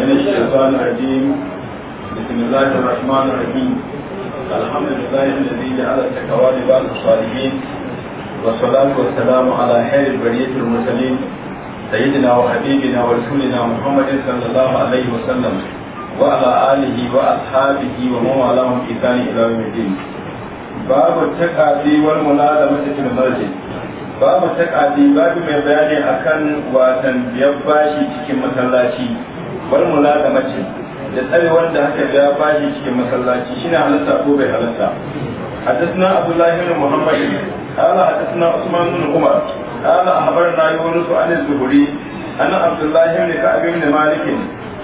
من الشيطان الرجيم بسم الله الرحمن الرحيم الحمد لله الذي جعل التقوى لبعض الصالحين والصلاة والسلام على خير البرية المرسلين سيدنا وحبيبنا ورسولنا محمد صلى الله عليه وسلم وعلى آله وأصحابه ومن والاهم بإحسان إلى يوم الدين باب التقاضي والملازمة في المسجد باب التقاضي باب mai bayani akan watan biyar bashi cikin masallaci bar mula da mace da tsare wanda haka ya bashi cikin masallaci shine halatta ko bai halatta حدثنا عبد الله بن محمد قال حدثنا عثمان بن عمر قال اخبرنا يونس عن الزهري Ana عبد الله بن كعب بن مالك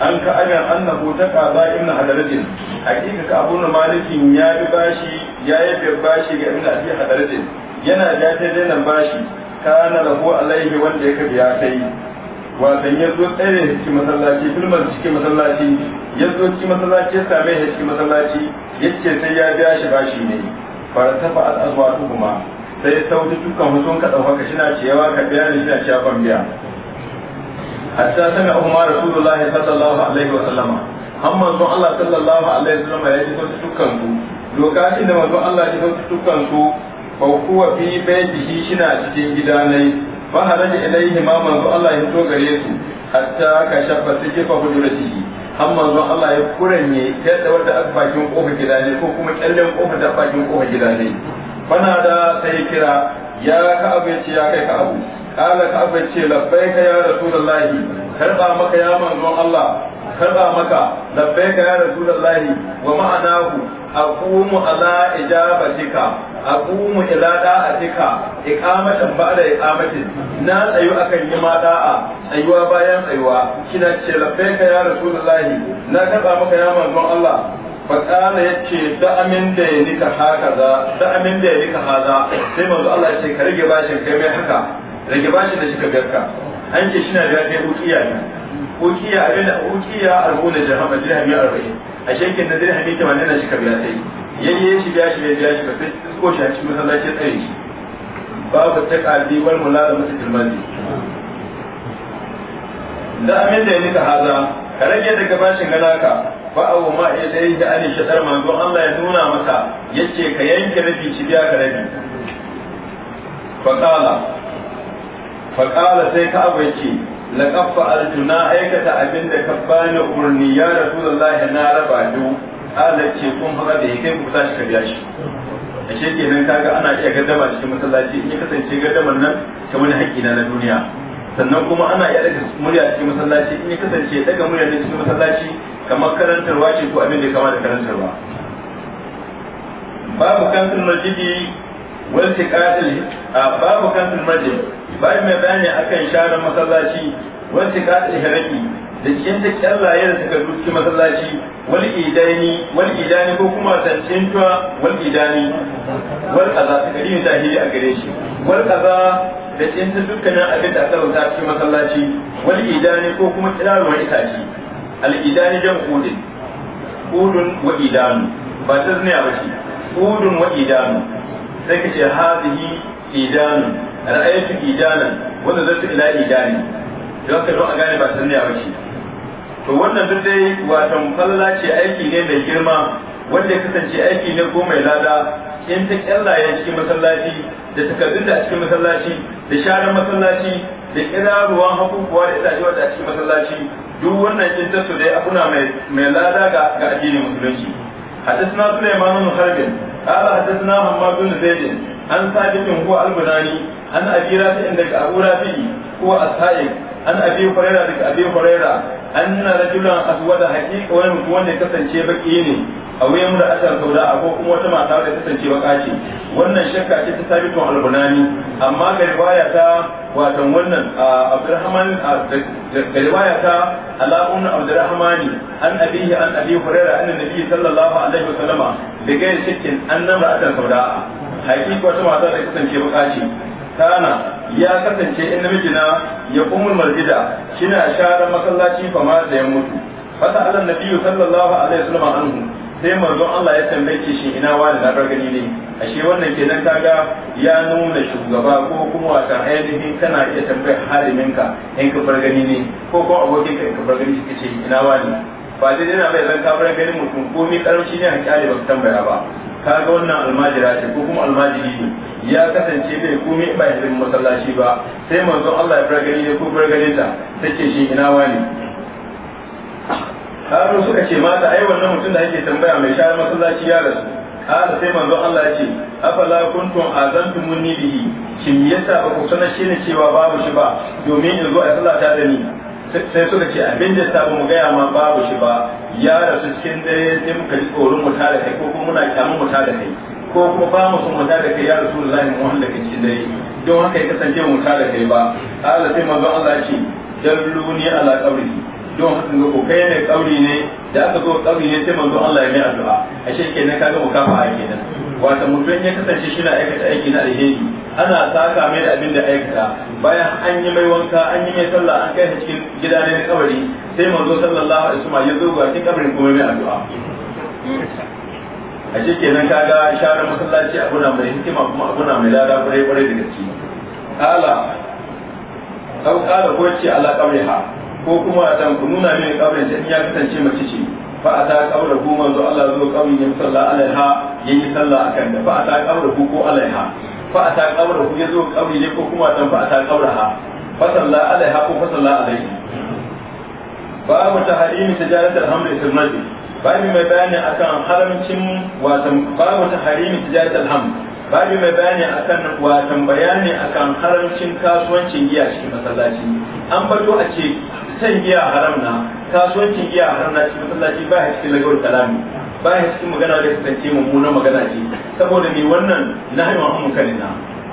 an ka ajan annahu ta kaza ibn hadratin hakika ka abu malikin ya yi bashi ya bashi ga ibn abi hadratin yana ja ta dainan bashi kana lahu alaihi wanda ya biya kai Wasan ya zo tsaye ya cikin masallaci filmar cikin masallaci ya zo cikin masallaci ya same ya cikin masallaci ya ce sai ya biya shi bashi ne fara tafa al'azwa kuma sai sauti dukkan hutun ka ɗaukaka shi na cewa ka biya ni shi na cewa ban biya hatta sami umma rasulullah sallallahu alaihi wa sallama har manzon Allah sallallahu alaihi wa sallama ya ji sauti dukkan su lokacin da manzo Allah ya ji sauti dukkan su fa wa fi bai shi na cikin gidanai fa haraja ilaihi ma manzo Allah ya to gare su hatta ka shabba su kifa hujurati har manzo Allah ya kuranye yadda wata aka bakin kofar gida ne ko kuma kyallen kofar da bakin kofar gida ne fana da sai kira ya ka abu ya ce ya kai ka abu kala ka abu ya ce ka maka ya manzo Allah maka ka wa ma'anahu aqumu ala aqumu ila da'atika iqamatan ba'da iqamatin na tsayu akan yi ma da'a tsayuwa bayan tsayuwa kina ce labbaika ya rasulullahi na karba maka ya manzon Allah faƙala ya ce da amin da ya nika haka za da amin da ya nika haza sai manzo Allah ya ka rage bashin kai mai haka rage bashin da shika biyarka an ce shi na biya kai ukiya ne ukiya abin da ukiya arba'una dirham dirham ya a shekin da dirham ya tamanin da shika biya sai yayi ya shiga shi bai biya shi ba sai ko shi a cikin masallaci ya tsaye shi babu ta kalbi wal mulala mata tilmani da amin da ya nika haza ka rage daga bashin ganaka ba abu ma ya tsaye da ani shadar manzon Allah ya nuna masa yace ka yanke rabi shi biya ka rabi faqala faqala sai ka abu yace laqaffa aljuna aikata abinda ka bani urniya rasulullahi na raba duk Allah kun faɗa da kai ku tashi ka biya shi a shi nan kaga ana iya gaddama cikin masallaci in ya kasance gaddaman nan ta wani haƙƙi na na duniya sannan kuma ana iya daga murya cikin masallaci in ya kasance daga murya ne cikin masallaci kamar karantarwa ce ko abin da ya kama da karantarwa babu kantin rajidi walti a babu kantin rajidi bai mai bayani akan sharar masallaci walti qadil haraki da cikin duk kyallaye da suka duki masallaci wal idani wal idani ko kuma zancin wal idani wal kaza suka yi tahiri a gare shi wal kaza da cikin dukkanin abin da aka rubuta cikin masallaci wal idani ko kuma kirarwar itace al idani jan kudin kudun wa idanu ba ta zuniya ba ce kudun wa idanu sai ka ce hadihi idanu ra'ayatu idanan wanda zai ila idani don ka zo a gane ba ta zuniya ba ce to wannan duk dai watan falla ce aiki ne mai girma wanda kasance aiki ne ko mai lada in ta ya cikin masallaci da takardun da a cikin masallaci da sharar masallaci da kira ruwan hakukuwa da itace wanda a cikin masallaci duk wannan in ta su dai abuna mai lada ga ga addinin musulunci حدثنا سليمان بن حرب قال حدثنا محمد بن زيد عن ثابت هو البناني عن ابي رافع عندك ابو رافع هو السائق عن ابي هريره عندك ابي هريره an rajulan aswada haqiqa wani mutum wanda ya kasance baki ne a wuyan da asar sauda ko kuma wata mata da kasance baka ce wannan shakka ce ta al-bunani amma ga riwaya ta watan wannan abdurrahman ga riwaya ta ala'un abdurrahmani an abihi an abi hurairah anna nabi sallallahu alaihi wasallama da gairi shakkin annama asar sauda haqiqa wata mata da kasance baka ce kana ya kasance in namiji na ya kumul marjida kina share masallaci fa ma da ya mutu fata Allah nabiyyu sallallahu alaihi wasallam anhu sai manzon Allah ya tambaye shi ina wani na gani ne ashe wannan kenan kaga ya nuna shugaba ko kuma wata ainihin kana iya tambayar haliminka in ka bar gani ne ko ko abokin ka in ka bar gani shi kace ina wani ba dai yana bai zan ka bar gani mutum ko mi karanci ne a kyale ba tambaya ba kaga wannan almajira ce ko kuma almajiri ne ya kasance bai komai ba ya zama masallaci ba sai manzo Allah ya fargare ne ko fargare ta take shi ina wani Kano suka ce mata ai wannan mutum da yake tambaya mai shayar masallaci ya rasu kala sai manzo Allah ya ce afala kuntum azantumuni bihi shin yasa ba ku sanar shi ne cewa babu shi ba domin yanzu zo a sallata da ni sai suka ce abin da sabu mu gaya ma babu shi ba ya rasu cikin dare sai muka ji tsoron mu tare kai muna kyamun mu da kai ko kuma ba mu son mu da kai ya rasulullahi mu wanda kake dai don haka ya kasance mu da kai ba Allah sai manzo Allah ce dalluni ala qabri don haka ga kai ne kauri ne da aka zo kauri ne sai manzo Allah ya mai addu'a ga mu kaga ake kenan wata mutum ya kasance shi na aikata aiki na alheri ana saka mai abin da aikata bayan an yi mai wanka an yi mai sallah an kai cikin gida ne na kabari sai manzo sallallahu alaihi wasallam ya zo ga cikin kabarin kuma mai addu'a a shi kenan kaga share masallaci abuna mai hikima kuma abuna mai lada kwarai kwarai da gaske kala kan kala ko ce ala kabriha ko kuma a tan kununa ne kabrin ta ya kasance mace ce fa a ta kabra ku manzo Allah zuwa kabrin ya salla alaiha yayi salla akan da fa a ta kabra ku ko alaiha fa a ta kabra ku ya zo kabri ne ko kuma tan fa a ta kabra ha fa salla alaiha ko fa salla alaihi babu tahrimi tijaratul hamri sirnati babu mai bayani akan haramcin wasan babu ta harimi tijarat alham babu mai bayani akan wasan bayani akan haramcin kasuwancin giya cikin masallaci an bato a ce san giya haram na kasuwancin giya haram na cikin masallaci ba ya cikin lagawar kalami ba ya cikin magana da kasance mummuna magana ce saboda me wannan na haihuwa na.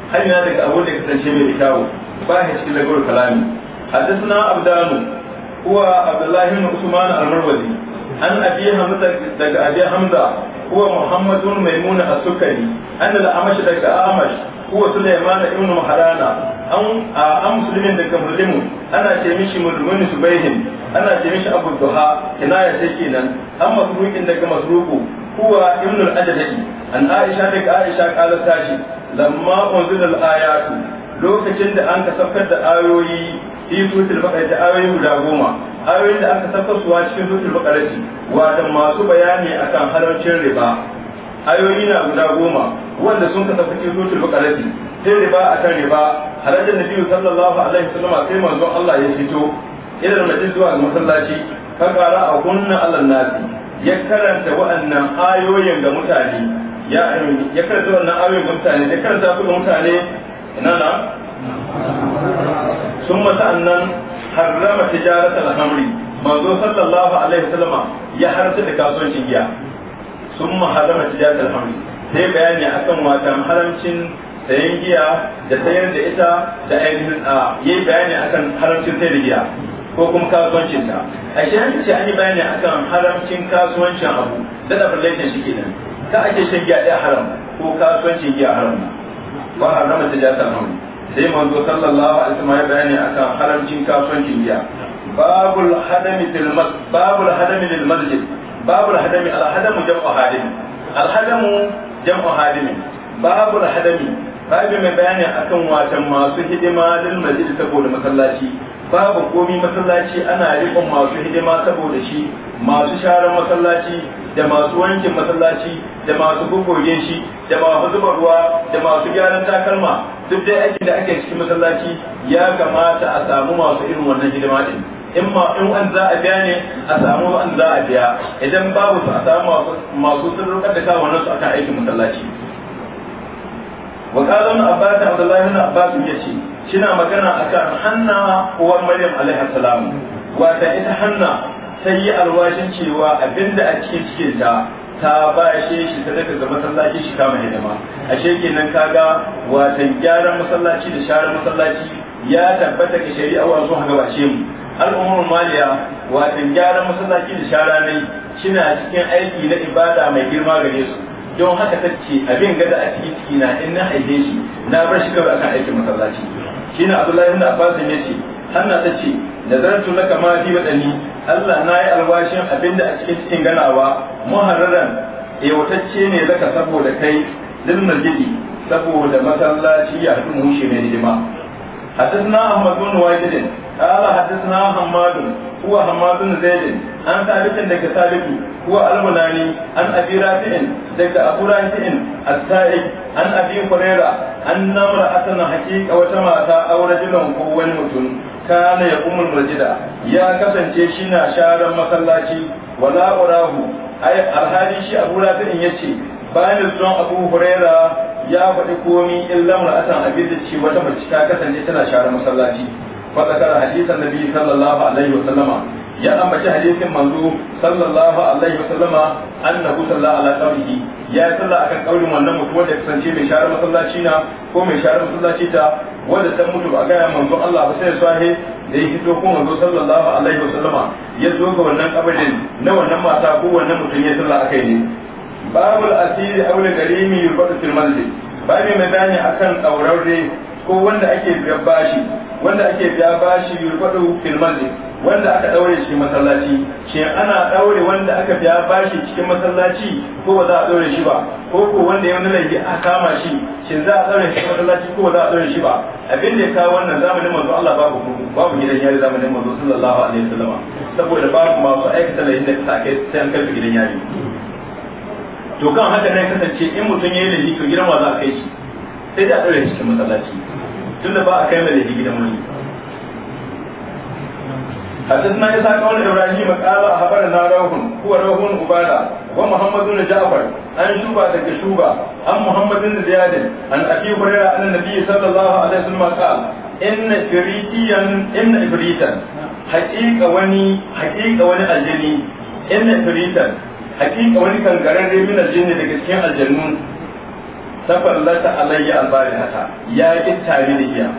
Hanyar hanya daga abu da kasance mai kyawu ba ya cikin lagawar kalami حدثنا عبدان هو Abdullahi الله بن عثمان المروزي an abi hamza daga abi hamza huwa muhammadun maimuna as-sukari an al-amash daga amash huwa sulaiman ibn maharana an an muslimin daga muslimu ana ce mishi mulmun subaihin ana ce mishi abu duha kinaya sai kenan an masruqin daga masruqu huwa ibn al-adadi an aisha daga aisha qalat tashi lamma unzila al-ayatu lokacin da an ka da ayoyi fi sutul baqara da ayoyi guda goma ayoyin da aka suwa cikin zuciyar wa wato masu bayani akan halarcin riba ayoyi na guda goma wanda sun kasa cikin zuciyar bakarati sai riba akan riba halajar nabi sallallahu alaihi wasallam sai manzo Allah ya fito irin mace zuwa ga masallaci ka kara a gunna Allah nasi ya karanta wa'annan ayoyin ga mutane ya ya karanta wannan ayoyin ga mutane ya karanta su ga mutane ina na sun mata annan harrama tijaratul hamri manzo sallallahu alaihi wasallama ya harta da kasuwancin giya summa harrama tijaratul hamri sai bayani akan wata haramcin sayan giya da sayar da ita da ainihin a yayi bayani akan haramcin sayar da giya ko kuma kasuwancin ta a shi an ce an yi bayani akan haramcin kasuwancin abu da da farlaitin shi kenan ka ake shan giya ɗaya haram ko kasuwancin giya haram ba harama ta jata sai manzo sallallahu alaihi wasallam ya bayani akan haramcin kasuwancin giya babul hadami fil mas babul hadami lil masjid babul hadami al hadamu jam'u hadim al hadamu jam'u hadim babul hadami babu mai bayani akan watan masu hidima lil masjid saboda masallaci babu komi masallaci ana riƙon masu hidima saboda shi masu sharan masallaci da masu wankin masallaci da masu gugurge shi da masu zuba ruwa da masu gyaran takalma duk dai aikin da ake cikin masallaci ya kamata a samu masu irin wannan hidima din in ma in an za a biya ne a samu an za a biya idan babu su a samu masu sirrukar da kawo nan su akan aikin masallaci wa qala ibn abbas abdullahi ibn abbas yace shina magana akan hanna uwar maryam alaihi wa wata ita hanna sai yi alwashin cewa abinda a cikin cikin ta ta bashe shi sadaka ga masallaci shi kama hidima ashe kenan kaga watan gyaran masallaci da sharar masallaci ya tabbata ga shari'a wa zuwa gabashe mu al'ummar maliya watan gyaran masallaci da shara ne shina cikin aiki na ibada mai girma gare su don haka ta ce abin gada a cikin ciki na in na haife shi na bar shi kawai akan aikin masallaci shine abdullahi ibn abbas ne ce hanna ta ce nazartu laka ma fi wadani Allah na yi albashin abinda a cikin cikin ganawa muharraran yawatacce ne zaka saboda kai din majidi saboda masallaci ya haɗu mushi mai hidima حدثنا أحمد بن واجد قال حدثنا حماد هو حماد بن زيد عن ثابت لك ثابت هو المناني عن a رافع an abin رافع an عن a هريرة أن wata mata, أو أو رجل قوة mutum. kana ya umul majida ya kasance shi na sharan masallaci wala urahu ai alhali shi abu rafi'in yace bayan zuwan abu huraira ya faɗi komi illa mar'atan abida da ce wata mace ta kasance tana sharan masallaci fa zakara hadisan nabi sallallahu alaihi wasallama ya ambaci hadisin manzo sallallahu alaihi wasallama annahu sallallahu ala qabrihi ya salla akan kaurin wannan mutum wanda kasance mai share masallaci na ko mai share masallaci ta wanda ta mutu ba ga manzo Allah ba sai sahi da ya fito ko manzo sallallahu alaihi wasallama ya zo ga wannan kabarin na wannan mata ko wannan mutum ya salla akai ne babul asiri aw al-karimi yubadu fil masjid babu mai bayani akan kaurarre ko wanda ake biya bashi wanda ake biya bashi yubadu fil masjid wanda aka daure shi masallaci shi ana daure wanda aka biya bashi cikin masallaci ko ba za a daure shi ba ko ko wanda ya wani laifi aka kama shi shi za a daure shi masallaci ko ba za a daure shi ba abin da ya kawo wannan zamanin manzo Allah babu babu gidan yari zamanin manzo sallallahu alaihi wasallam saboda babu masu aikata laifin da ta sai an kai gidan yari to kan haka ne kasance in mutum ya yi laifi to gidan wa za a kai shi sai da a daure shi cikin masallaci tunda ba a kai mai laifi gidan wani حدثنا إسحاق بن إبراهيم قال أخبرنا روح هو روح عبادة ومحمد بن جعفر عن شوبة دك شوبة عن محمد بن زياد عن أبي هريرة أن النبي صلى الله عليه وسلم قال إن إبريتيا إن إبريتا حقيقة وني حقيقة وني الجني إن إبريتا حقيقة وني كان قرر من الجن دك سكين الجنون تفلت علي البارحة يا إتاري ليا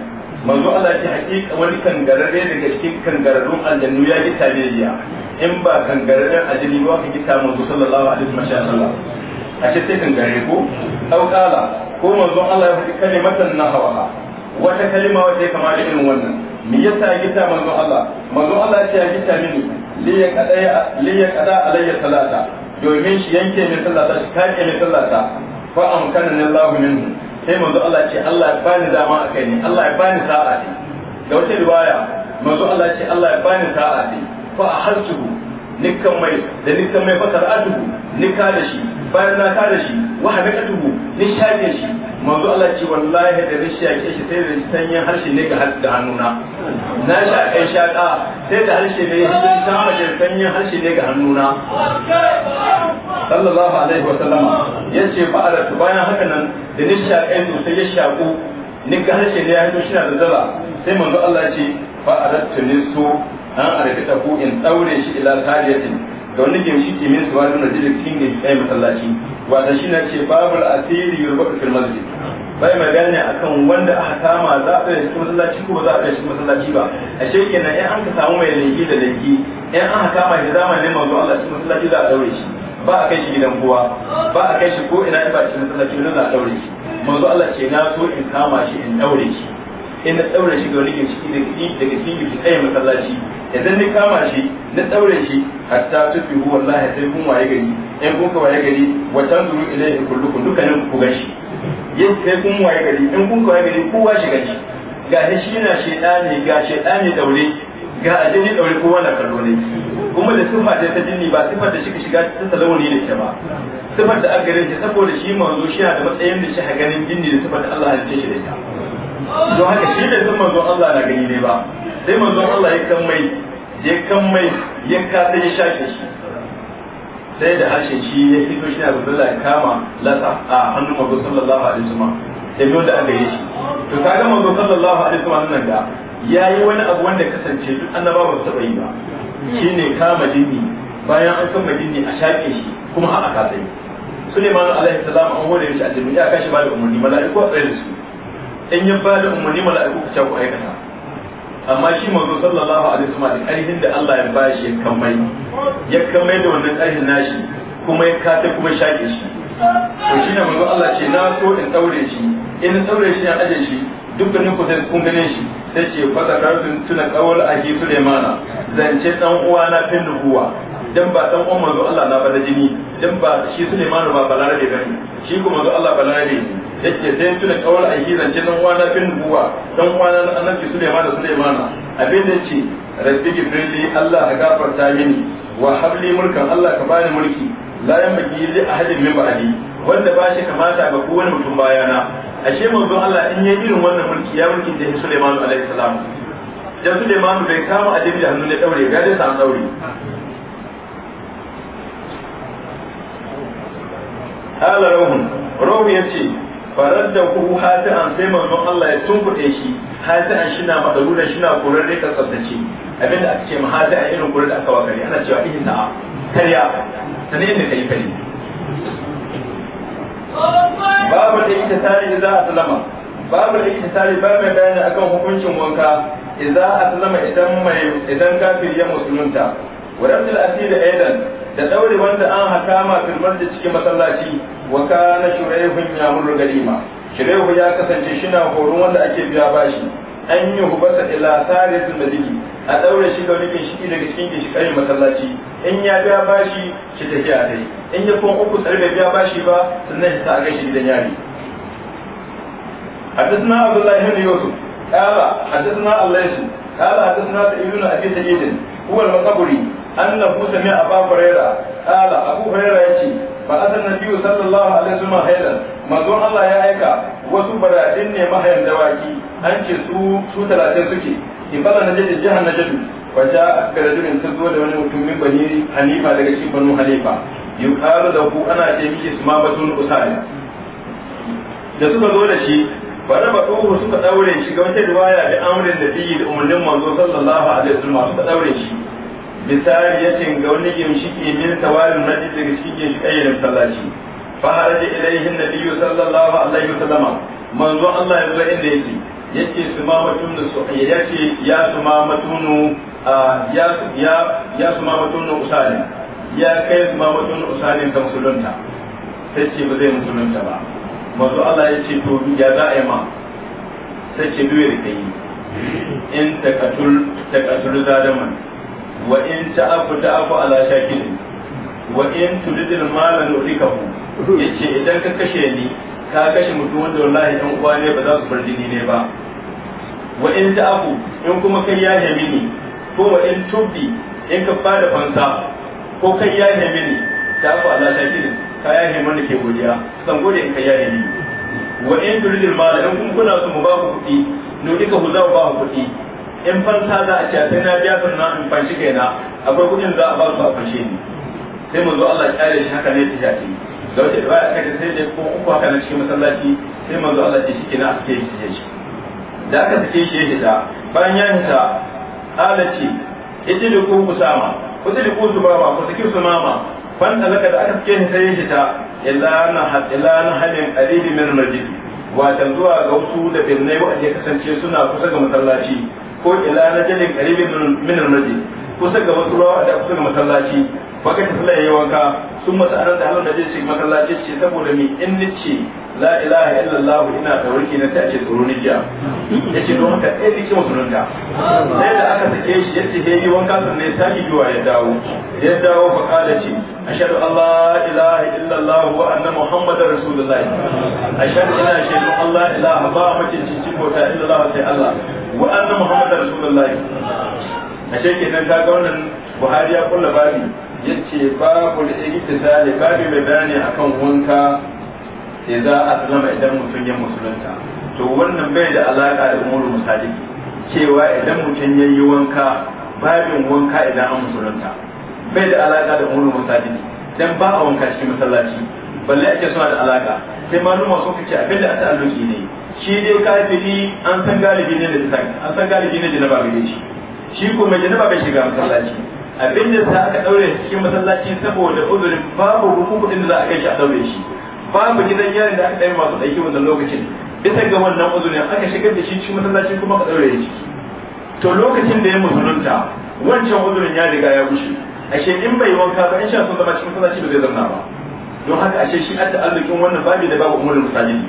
manzo Allah ce hakika wani kangarare daga cikin kangararrun aljannu ya ji tabiriya in ba kangararren ajini ba ka gita manzo sallallahu alaihi wa sallam a ce sai kangarare ko au kala ko manzo Allah ya faɗi kalimatan nahwa wata kalima wata kama da irin wannan me yasa ya gita manzo Allah manzo Allah ce ya gita mini li ya kada li ya kada alayya salata domin shi yanke min sallata shi kake min sallata fa amkanani Allah minhu sai manzo Allah ce Allah ya bani dama akai ni Allah ya bani sa'a ne da wata riwaya manzo Allah ce Allah ya bani sa'a ne fa ahaltuhu nikan mai da nikan mai fasar adubu nika da shi bayan na ka da shi wa habaqatuhu ni shaƙe shi manzo Allah ce wallahi da rishi ya shi sai da sanyin harshe ne ga da hannuna na shaƙe shaƙa sai da harshe ne shi ta da sanyin harshe ne ga hannuna sallallahu alaihi wa sallama yace fa aratu bayan haka nan da ni shaƙe sai ya shaƙo ni ga harshe ne ya hito shi da zala sai manzo Allah ce fa ne nisu an arkita ko in daure shi ila tariyatin da wani gemshi ke min suwa da jirgin kin ne masallaci wata shi na ce babul asiri yurbaka fil masjid bai magana akan wanda aka kama za a tsaya cikin masallaci ko ba za a ɗaya cikin masallaci ba a shekenan in an ka samu mai laifi da laifi in aka kama shi zamanin manzo Allah cikin masallaci za a daure shi ba a kai shi gidan kowa ba a kai shi ko ina ba cikin masallaci ne za a daure shi manzo Allah ce na so in kama shi in daure shi sai na daure shi ga wani ciki daga da daga cikin tsaye masallaci idan ni kama shi na daure shi hatta tufihu wallahi sai kun waye gari in kun ka waye gari wa tanzuru ilayhi kullukum dukkanin ku gashi yin sai kun waye gari in kun ka waye gari kowa shi gashi ga shi na shedani ga shedani daure ga ajini daure kowa na kallo ne kuma da sifa da ta jinni ba sifar da shi shiga ta salawuni ne ta ba sifar da aka gare saboda shi manzo shi da matsayin da shi ha ganin jinni da sifar da Allah ya ce shi da ita don haka shi bai san manzon Allah na gani ne ba sai manzon Allah ya kan mai ya kan mai ya ka sai ya shake shi sai da harshen shi ya fito shi na Abdullah ya kama lasa a hannun manzon sallallahu alaihi wasallam sai biyo da aka yi shi to kaga manzon sallallahu alaihi wasallam nan da yayi wani abu wanda kasance duk annaba ba su taba yi ba shine kama jini bayan an kama jini a shake shi kuma har aka sai Suleiman alaihi salam an hore shi a ya kashi ba da umarni mala'iku a tsaye da su in ya bada umarni mala'iku ku ce ku aikata amma shi manzo sallallahu alaihi wasallam ƙarfin da Allah ya bashi ya kamai ya kamai da wannan ƙarfin nashi kuma ya kata kuma shaƙe shi to shi ne manzo Allah ce na so in daure shi in daure shi ya aje shi dukkanin ku sai kun gane shi sai ce fa karfin tuna su ahi sulaimana zance dan uwa na fin nubuwa dan ba dan uwan manzo Allah na bada jini dan ba shi Sulaiman ba balarabe bane shi kuma manzo Allah balarabe yake sai tuna kawar a yi zance dan fin buwa dan uwa na annabi Sulaiman da Sulaiman abin da ce rabbi gifrili Allah ka gafarta mini wa habli mulkan Allah ka bani mulki la yamki li ahadin min ba'di wanda ba shi kamata ga kowane mutum bayana ashe manzo Allah in yayi irin wannan mulki ya mulki da Sulaiman alaihi salam dan Sulaiman bai kama adin da hannu ne daure ga dai sa daure ala rahun rahun ya ce farar da kuhu hata an sai manzon Allah ya tunkuɗe shi hata shi na madarura shi na korar da ka abinda aka ce ma hata an irin korar da aka wa kare ana cewa ihin na'a karya sanin inda kai kare babu a salama babu da ita tare ba mai bayani akan hukuncin wanka idza aslama idan mai idan kafir ya musulunta ورمز الأسير أيضا da ɗaure wanda an hakama filmar da cikin masallaci wa na shuraihun ya murru galima shuraihu ya kasance shina horon wanda ake biya bashi an yi hubasa ila sariyatul madini a ɗaure shi ga wani daga cikin ginshikai masallaci in ya biya bashi shi tafiya dai in ya kuma uku tsare bai biya bashi ba sannan ta ga shi gidan yari حدثنا عبد الله بن يوسف قال حدثنا الليث قال حدثنا سعيد بن ابي سعيد huwa al-maqburi annahu sami'a Abu Hurairah qala Abu Hurairah yace fa asan nabiyyu sallallahu alaihi wasallam hayran manzon Allah ya aika wasu baradin ne mahayan dawaki an ce su su suke ibala na jaddi jahan na wa ja'a garajulin ta zo da wani mutum min bani Hanifa daga cikin banu Hanifa yuqalu da ku ana ce miki suma batun usaya da suka zo da shi bari ba ɗuhu suka ɗaure shi ga wata riwaya da amrin da biyi da umarnin manzo sallallahu alaihi wasallam suka ɗaure shi misali ya ce ga wani shi ke min tawarin na daga cikin shi masallaci fa haraja ilaihin nabiyyu sallallahu alaihi wasallam manzo Allah ya zo inda yake yake su ma matunu su ya ce ya su ma matunu ya ya su ma matunu usali ya kai su ma matunu usali ka musulunta sai ce ba zai musulunta ba manzo Allah ya ce to ya za a yi ma sai ce biyu da kai in takatul takatul zadaman wa in ta'afu ta'afu ala shakil wa in tudidil mala nu'likahu yace idan ka kashe ni ka kashe mutum wanda wallahi dan uwa ne ba za su bar jini ne ba wa in ta'afu in kuma kai ya hemi ni ko wa in tubi in ka bada fansa ko kai ya hemi ni ta'afu ala shakil ka yaye mana ke godiya san gode ka ya ni wa in turidil mal in kun kula su mu ba ku kudi no dika ku za ku ba ku kudi in fanta za a ce sai na biya sannan in fanshi kaina akwai kuɗin za a ba su a fanci ni sai mu zo Allah ya kare shi haka ne ta shafi da wace riwaya ka ce sai dai ko uku haka na cikin masallaci sai mu zo Allah ya shi kina a cikin shi da aka sake shi ya hita bayan ya hita ala ce ita da ku kusama ku da ku ba ku saki su mama fanta laka da aka fice sai ya shita illa na illa na halin qalibi min masjid watan zuwa ga wasu da binnai wanda ya kasance suna kusa ga masallaci ko ila na jalin qalibi min masjid kusa ga wasu rawa da kusa ga masallaci baka ta sallah yayi wanka sun masu anan da halin da zai shiga masallaci ce saboda ni in nace la ilaha illallah ina da warki na tace tsoro ni jiya yace don haka eh dike musulunta sai da aka sake shi ce ya yi wanka sannan ya saki zuwa ya dawo ya dawo fa kala ce A an Allah ilaha illallah wa anna muhammadar A ashhadu ina shaidu allah ilaha ba mace cikin bauta illallah sai allah wa anna muhammadar rasulullah nan ta ga wannan Buhari ya kulla babi yace babu da ihtisali babu mai bayani akan wanka a aslama idan mutum ya musulunta to wannan bai da alaka da umuru misali cewa idan mutum ya yi wanka babin wanka idan an musulunta bai da alaka da umuru misali dan ba a wanka shi masallaci balle ake suna da alaka sai numa sun kace abinda a ta'alluki ne shi dai kafiri an san galibi ne da an san galibi ne da na babu shi shi ko mai janaba bai shiga masallaci abin da za aka daure cikin masallaci saboda uzurin babu ruku kudin da za a kai shi a daure shi babu gidan yari da aka dai masu aiki wannan lokacin bisa ga wannan uzurin aka shigar da shi cikin masallaci kuma ka daure shi to lokacin da ya musulunta wancan uzurin ya riga ya wuce ashe in bai wanka ba in sha sun zama cikin masallaci ba zai zauna ba don haka ashe shi adda arzikin wannan babu da babu umurin musajidi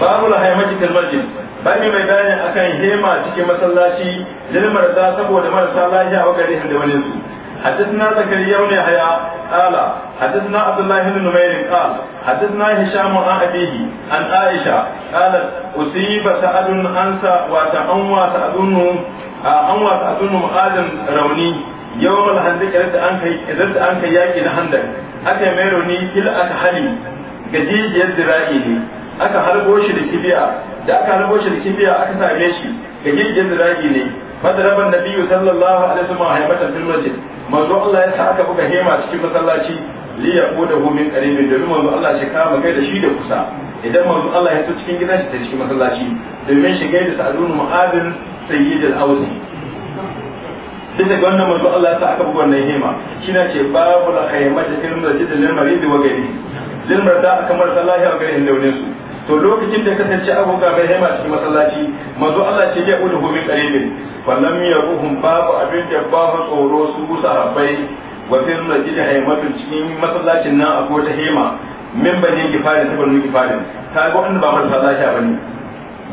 babu la haymati jini. bani mai bayani akan hema cikin masallaci na marasa saboda marasa lafiya a gare da wani su حدثنا زكريا بن يحيى قال حدثنا عبد الله بن نمير قال حدثنا هشام عن ابيه عن عائشه قالت اصيب سعد انسى rauni. سعد أنوى سعد ادم روني يوم الهندك رد انك رد انك ياكي الهندك اتى ميروني كل اتحلي gajijiyar zira'i ne aka harbo shi da kibiya da aka rabo shi da kibiya aka same shi da gigin da zagi ne madaraban nabiyu sallallahu alaihi wasallam haimatan fil masjid manzo Allah ya sa aka buga hema cikin masallaci li yaqudahu min qaribin domin manzo Allah shi kama kai da shi da kusa idan manzo Allah ya so cikin gidan shi ta cikin masallaci domin shi gaida sa'adun mu'adin al awsi bisa ga wannan manzo Allah ya sa aka buga wannan hema shi na ce babu al khaymata fil masjid lil marid wa gani lil marda aka marsa wa gani da wani su to lokacin da kasance abun ga bai haima cikin masallaci manzo Allah ce ya ulu min qaribin wallam yaruhum babu abin da babu tsoro su sahabbai wa fil masjid haimatu cikin masallacin nan akwai ta hema min bani kifarin ta bani kifarin ta ga wanda ba masallaci bane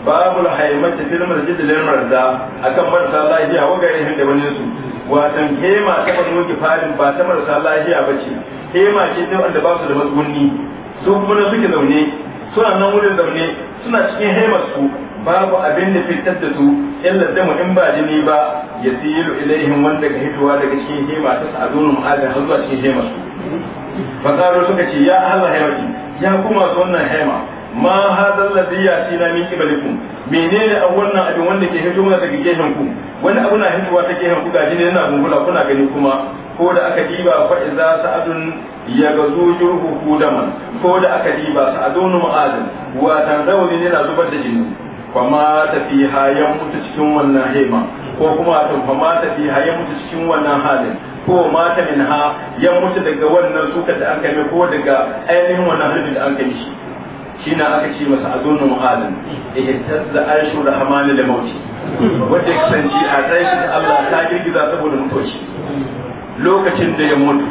babu haimatu fil masjid lil marza akan marasa lafiya wa garin da bani su watan hema ta bani kifarin ba ta marasa ba bace hema ce ta wanda ba su da matsugunni su kuma suke zaune suna nan wurin zaune suna cikin haimarsu babu abin da fitar da su illa mu in ba jini ba ya tilu ilaihim wanda ka hitowa daga cikin hema ta sa'adun mu'adin har zuwa cikin haimar su fasaro suka ce ya ahla haimaki ya kuma su wannan haima ma hadal ladhi yatina min qibalikum menene a wannan abin wanda ke hito mana daga gehen ku wani abu na hitowa ta gehen ku ga jini yana gungula kuna gani kuma ko da aka diba fa idza sa'adun ya gazu yurhu daman ko da aka diba sa'adun mu'adin wa ne yana zubar da jini kuma ta fi hayan mutu cikin wannan hema ko kuma ta ma ta fi hayan mutu cikin wannan halin ko mata min ha ya mutu daga wannan suka da aka yi ko daga ainihin wannan halin da aka yi shi shi na aka ce masa azunu muhalin ihtazza aishu rahman da mauti wanda kasance a tashi da Allah ta girgiza saboda mutoci lokacin da ya mutu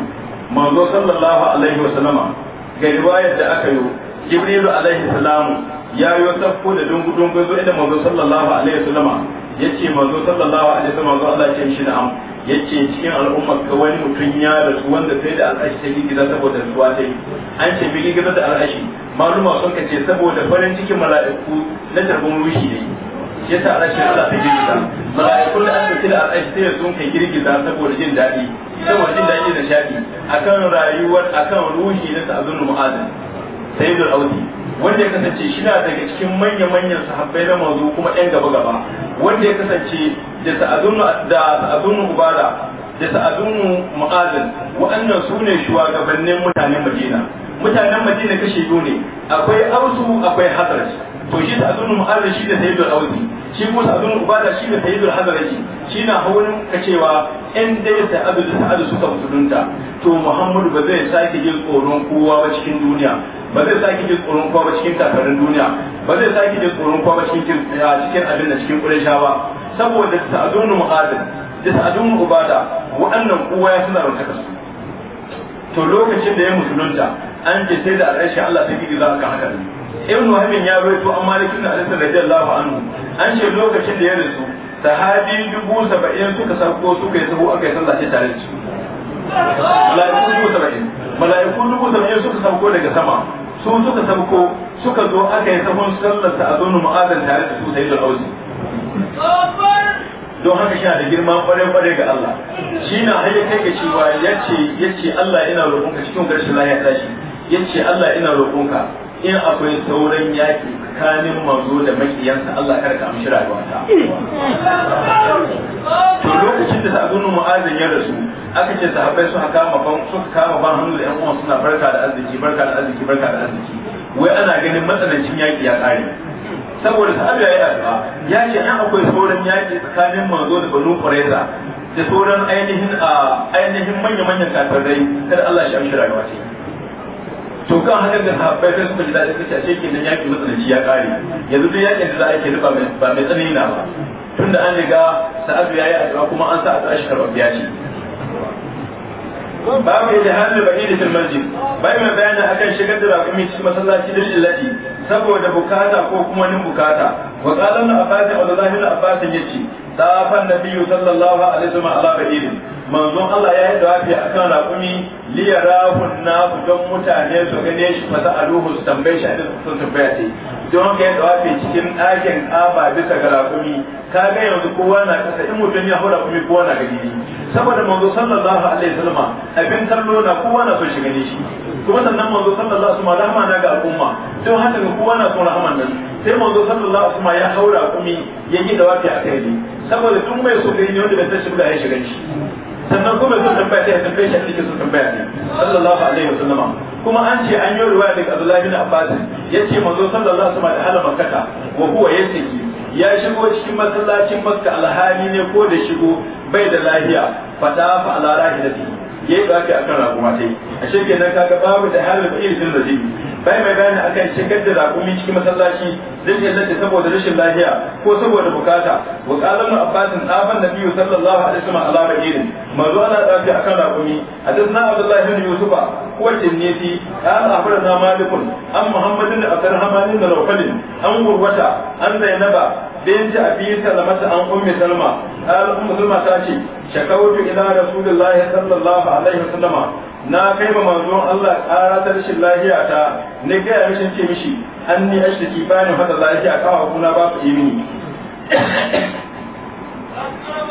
manzo sallallahu alaihi wasallama ga riwayar da aka yi jibril alaihi salam ya yi wata ko da dungu dungu zo inda manzo sallallahu alaihi wasallama yace manzo sallallahu alaihi wasallama zo Allah ya shi na'am yace cikin al'ummar ka wani mutum ya da su, wanda sai da al'ashi ta yi gida saboda zuwa ta yi an ce bi gida da al'ashi maluma sun kace saboda farin cikin mala'iku na tarbin rushi ne ya yasa arashin Allah ta girgiza mala'ikun da aka kira arashi sai sun kai girgiza saboda jin daɗi saboda jin daɗi da shaɗi akan rayuwar akan ruhi na sa'adun mu'adin sayyidul auti wanda ya kasance shi na daga cikin manya-manyan sahabbai na mazu kuma ɗan gaba-gaba wanda ya kasance da sa'adun ubada da sa'adun mu'adin waɗannan su ne shugabannin mutanen madina mutanen madina kashe biyu ne akwai ausu akwai hazarci to shi da abin mu'arra shi da sayyidul awli shi kuma da abin ubada shi da sayyidul hadraji shi na haurin ka cewa in dai da abin da sa'adu suka musulunta to muhammadu ba zai sake jin tsoron kowa ba cikin duniya ba zai sake jin tsoron kowa ba cikin kafarin duniya ba zai sake jin tsoron kowa ba cikin cikin abin da cikin quraysha ba saboda sa'adun mu'adin da sa'adun ubada waɗannan kowa ya suna rantaka su to lokacin da ya musulunta an ce sai da al'ashi Allah ta gidi za ka haka ne ibn wahbin ya rawaito an malikin da alisa radiyallahu anhu an ce lokacin da ya rasu sahabi dubu saba'in suka sako suka yi sabo aka yi sallah ce tare da su mala'iku dubu saba'in mala'iku dubu saba'in suka sako daga sama su suka sako suka zo aka yi sabon sallar ta a zonu tare da su sai da auzi don haka shi da girma kwarai kwarai ga Allah shi na hanyar kai ga cewa yace yace Allah ina roƙonka cikin garshin lafiya tashi yace Allah ina roƙonka in akwai sauran yaki tsakanin mazo da makiyansa Allah kar ka amshi rayuwata to lokacin da sa'adun mu'azin ya rasu aka ce sahabbai suka kama ban suka kama ban hannu da ƴan uwan suna barka da arziki barka da arziki barka da arziki wai ana ganin matsanancin yaki ya kare saboda sahabi ya yi addu'a ya ce in akwai sauran yaki tsakanin mazo da banu qurayza da sauran ainihin a ainihin manya-manyan kafirai kada Allah shi amshi rayuwa to kan hakan da sahabbai sai suka ji daɗin suka ce kenan yaki matsananci ya ƙare yanzu duk yakin da za a yi ba mai tsanani na ba tunda an riga sa'adu ya yi addu'a kuma an sa addu'a shi karɓar biya ce babu yadda hannu baki da fil masjid bai mai bayanin akan shigar da rakumi cikin masallaci da illati saboda bukata ko kuma nin bukata wa qala ibn abbas wa zahiru abbas yace safan nabiyyu sallallahu alaihi wasallam ala ba'idin manzon Allah ya yi da wafi a kan raƙumi na nasu don mutane su gane shi a aluhu su tambaye shi a sun tambaya ce don haka ya wafi cikin ɗakin ƙaba bisa ga raƙumi ka ga yanzu kowa na kasa in mutum ya hau kuma kowa na gani saboda manzo sallallahu alaihi wasallam abin kallo na kowa na so shi gani shi kuma sannan manzo sallallahu alaihi wasallam rahama na ga al'umma don haka kowa na son rahaman nan sai manzo sallallahu alaihi wasallam ya hau kuma ya yi wafi a kai ne saboda tun mai so gani wanda bai san shi ya shiga shi sannan kuma sun tambaya sai tambaye shi cikin sun tambaya ne sallallahu alaihi wa sallama kuma an ce an yi riwaya daga Abdullahi bin Abbas yace manzo sallallahu alaihi wa sallama da halal makkata wa huwa yasiki ya shigo cikin masallacin Makka alhali ne ko da shigo bai da lahiya fada fa ala rahilatihi ya yi tsaki akan raƙuma ta a shirke nan kaga babu da halin bai irin da zibi bai mai bayani akan shigar da raƙumi cikin masallaci zai halatta saboda rashin lafiya ko saboda bukata bukatar mu abbasin abbas afan sallallahu alaihi wasallam ala irin mazu ana tsaki akan raƙumi na Abdullahi bin yusufa ko huwa a qala na malikun an muhammadin abdurrahman da laukalin an gurwata an zainaba بنت أبي سلمة ta an ummi ce, أم سلمة تاتي ta ce رسول ila rasulullahi sallallahu alaihi وسلم na kai ma manzon Allah ƙara ta rashin lafiya ta ni ga rashin ce mishi an ni ashtaki bayan hada lafiya kawa kuna ba ku yi mini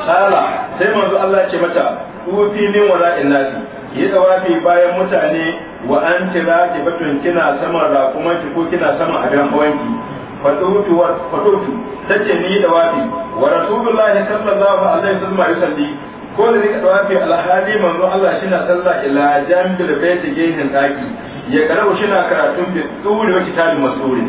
kala sai mazu Allah ce mata ufi min wara'in nasi yi tsawafi bayan mutane wa an tira ki batun kina saman ki ko kina saman abin hawanki fatutu wa fatutu tace ni da wafi wa rasulullahi sallallahu alaihi wasallam yusalli ko da nika da wafi alhali manzo Allah shi na sallah ila jambil baiti gehen daki ya karau shi na karatun bi tsuri wa kitabin masuri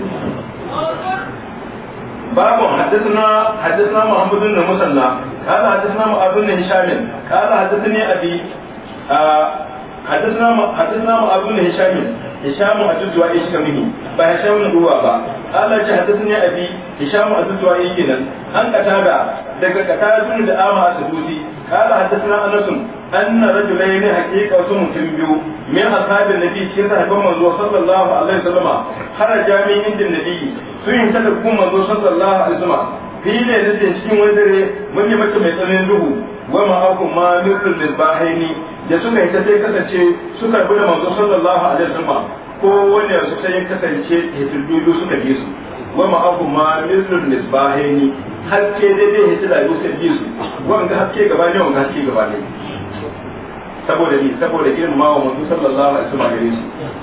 باب حدثنا حدثنا محمد بن مسلى قال حدثنا ابو بن هشام قال حدثني ابي حدثنا ما حدثنا ما ابن هشام هشام الدجوائي الشامي فهشام هو با قال لك حدثني ابي هشام الدجوائي كنن ان قتادة دغ قتادة بن دعامة السدوسي قال حدثنا انس ان رجلين حقيقه سم تنبيو من اصحاب النبي كيف حبن منذ صلى الله عليه وسلم خرج من عند النبي سوين تدكم منذ صلى الله عليه وسلم في ليلة da وزره من يمكن wani mace mai وما duhu ما ma'akum من nufin ya suka ita sai kasance suka bi da manzo sallallahu alaihi wasallam ko wanda su sai ya kasance hitilbilu suka bi su wa abu ma mislul misbahaini haske daidai hitilalu sai bi su Wanga haske gaba ne wanga haske gaba ne saboda ni saboda girmama wa manzo sallallahu alaihi wasallam gare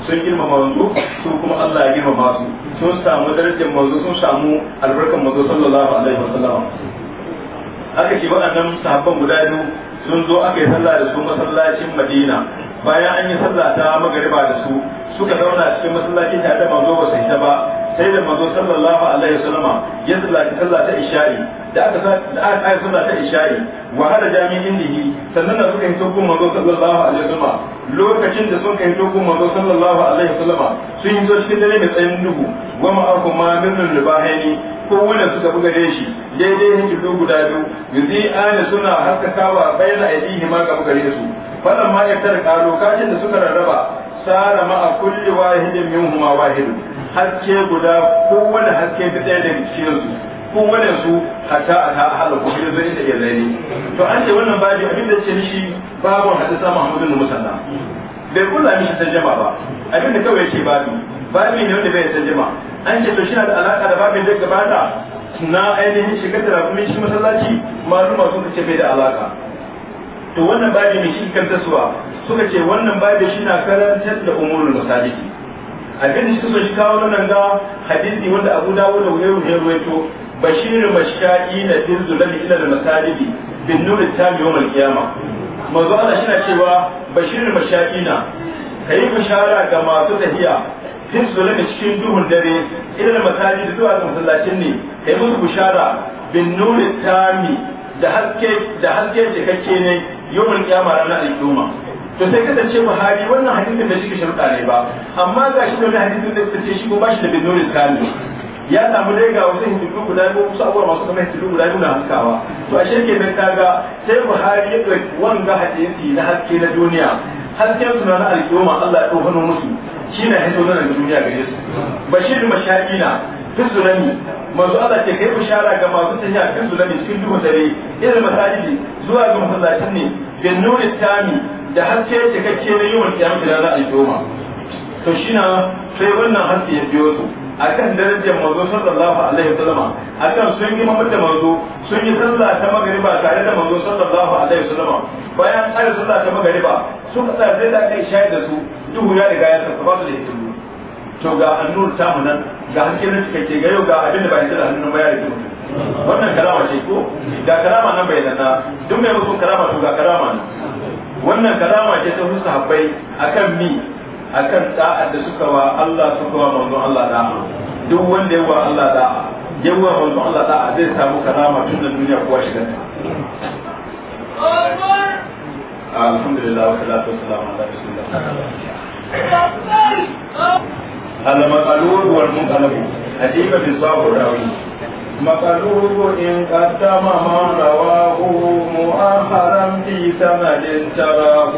sun girmama manzo su kuma Allah ya girmama su sun samu darajar manzo sun samu albarkan manzo sallallahu alaihi wasallam aka ce waɗannan sahabban guda biyu sun zo aka yi sallah da su masallacin madina bayan an yi sallah ta magariba da su suka zauna cikin masallacin tare da zo ba su hita ba sai da manzo sallallahu alaihi wasallama ya sallaci sallah ta isha'i da aka sa da aka kai sallah ta isha'i wa hada jami'in dihi sannan da suka hito kun manzo sallallahu alaihi wasallama lokacin da suka yi kun manzo sallallahu alaihi wasallama sun hito cikin dare mai tsayin duhu wa ma'akum ma min libahaini ko wannan suka buga da shi daidai ne guda biyu yuzi ana suna haskakawa bayyana aidihi ma ga buga su fadan ma ya karo kajin da suka rarraba sara ma a kulli wahidin huma wahidun haske guda ko haske da ɗaya da cikin su ko su hatta a ta halar ko gidan zai iya zai to an ce wannan babi abin da ce shi babu hadisa Muhammadu musanna bai kula mishi jama ba abin da kawai ce babi babi ne wanda bai jima an ce to shi da alaka da babin da gabata na ainihin shigar da rakumin shi masallaci maluma sun ce bai da alaka to wannan babi shi kanta suwa suka ce wannan babi shi na karantar da umurul masajidi abin da suka shi kawo nan ga hadisi wanda Abu Dawud da Wayru ya ruwaito bashir mashaki na dirzulal ila da masajidi bin nur tam yawm qiyama manzo Allah shi na cewa bashir mashaki na kai bishara ga masu tahiya sun su daga cikin duhun dare masaji da zuwa ga masallacin ne kai musu bushara bin nuri tami da haske da haske kake ne yawan kiyama ranar al'umma to sai kasance hali wannan hadisin da shi sharuɗa ne ba amma ga shi da hadisin da ta shi ko ba shi da bin nuri tami ya samu dai ga wasu hindu guda ko kusa abuwa masu kuma hindu guda biyu na haskawa to a shirke ta kaga sai hali ya ɗauki wanga hadisi na haske na duniya hasken suna na al'umma Allah ya ɗauka musu shi na hito nan da duniya gare su bashir mashaqina fi sunani manzo Allah ce kai bishara ga masu tafiya fi sunani cikin duhu dare irin masajidi zuwa ga masallacin ne bin nuri tami da haske cikakke na yawan kiyamata da za a yi goma to shi na sai wannan haske ya biyo su akan darajar manzo sallallahu alaihi wasallama akan sun yi mamar da manzo sun yi sallah ta magriba tare da manzo sallallahu alaihi wasallama bayan tsare sallah ta magriba suka tsare da kai shayar da su duhu ya riga ya sauka ba su da hikimu to ga annur mu nan ga hankin da suka ga yau ga abin da ba ya da hannun ba ya rike mutum wannan karama ce ko ga karama nan bai nana duk mai mutum karama to ga karama nan wannan karama ce ta musu habbai akan mi akan da'ar da suka wa Allah suka wa manzon Allah da'a duk wanda ya wa Allah da'a ya wa manzon Allah da'a zai samu karama tun da duniya kuwa shiga ta alhamdulillah wa salatu wassalamu ala rasulillah al-maqalur wal munqalab adiba bi sabr rawi مقلوب إن قدم ما رواه مؤخرا في سند تراه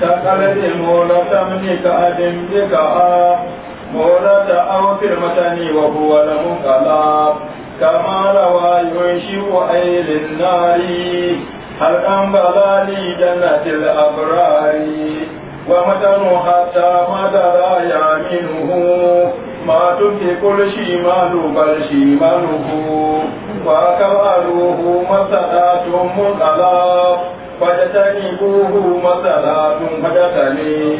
كقلد مولة من كأد بكأ مولة أو فرمة وهو المنقلب كما روى ينشئ أي للنار هل أنبغى لي جنة الأبرار ومتن حتى ما مدرى يعمله ما كل تنفق الشمال بل شماله وكبروه مسألة مطلع فجتنبوه مسألة فاجتني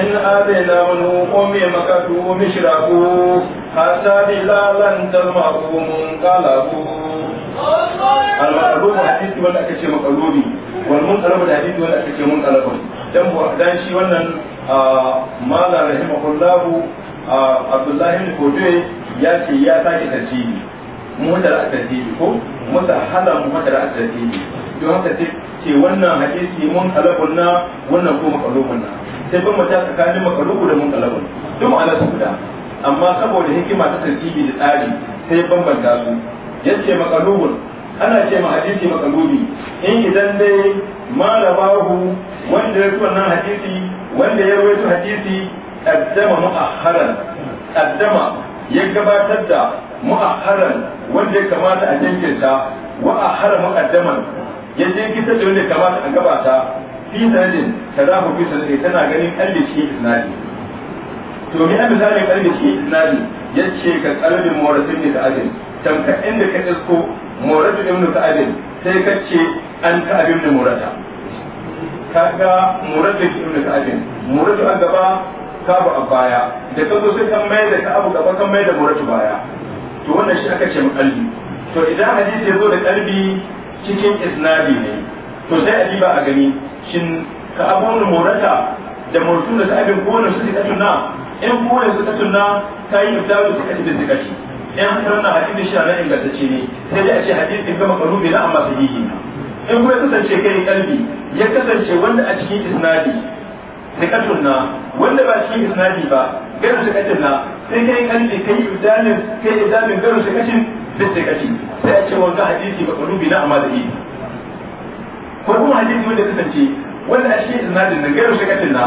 إن أذن من أم مكتوم اشربوا حتى بلالا تلمه منقلبوا al-maqrub hadisi wanda aka ce maqrubi wal munqalab hadisi wanda aka ce munqalab dan dan shi wannan mala rahimahullahu abdullahi ibn kudai ya ce ya sake tartibi da at-tartibi ko mutar hala mu da at-tartibi don haka ce wannan hadisi munqalabun na wannan ko maqrubun na sai ban mata tsakanin maqrubu da munqalabun duk ma'ana su guda amma saboda hikima ta tartibi da tsari sai bambanta su yace makalubun ana ce ma hadisi makalubi in idan dai malamahu wanda ya wannan hadisi wanda ya rawaito hadisi addama mu'akharan addama ya gabatar da mu'akharan wanda ya kamata a jinkirta wa akhara muqaddaman ya jinkirta da wanda ya kamata a gabata fi sanadin za ku fi sanadin tana ganin kalli cikin isnadi to me a misalin kalli cikin isnadi yace ka kalbin mawarasin ne da ajin tamka inda ka isko muradu ibn ka'abin sai ka ce an ka'ab da murada kaga muradu ibn ka'abin muradu a gaba ka ba a baya da ka sai kan mai da ka'abu gaba kan mai da muradu baya to wannan shi aka ce mu kalbi to idan hadisi ya zo da kalbi cikin isnadi ne to sai a diba a gani shin ka'abun murata da murtun da ka'abin ko ne su ka tunna in ko ne su ka tunna kai ibdalu su ka tabbata in an karna hadisi shi na ingantacce ne sai dai a ce hadisin gama karubi na amma sahihi na in kuma kasance kai kalbi ya kasance wanda a cikin isnadi sikatun na wanda ba cikin isnadi ba garin sikatun na sai kai kalbi kai idamin kai idamin garin sikatun da sikatun sai a ce wanka hadisi ba karubi na amma sahihi ko kuma hadisi wanda kasance wanda a cikin isnadin na garin sikatun na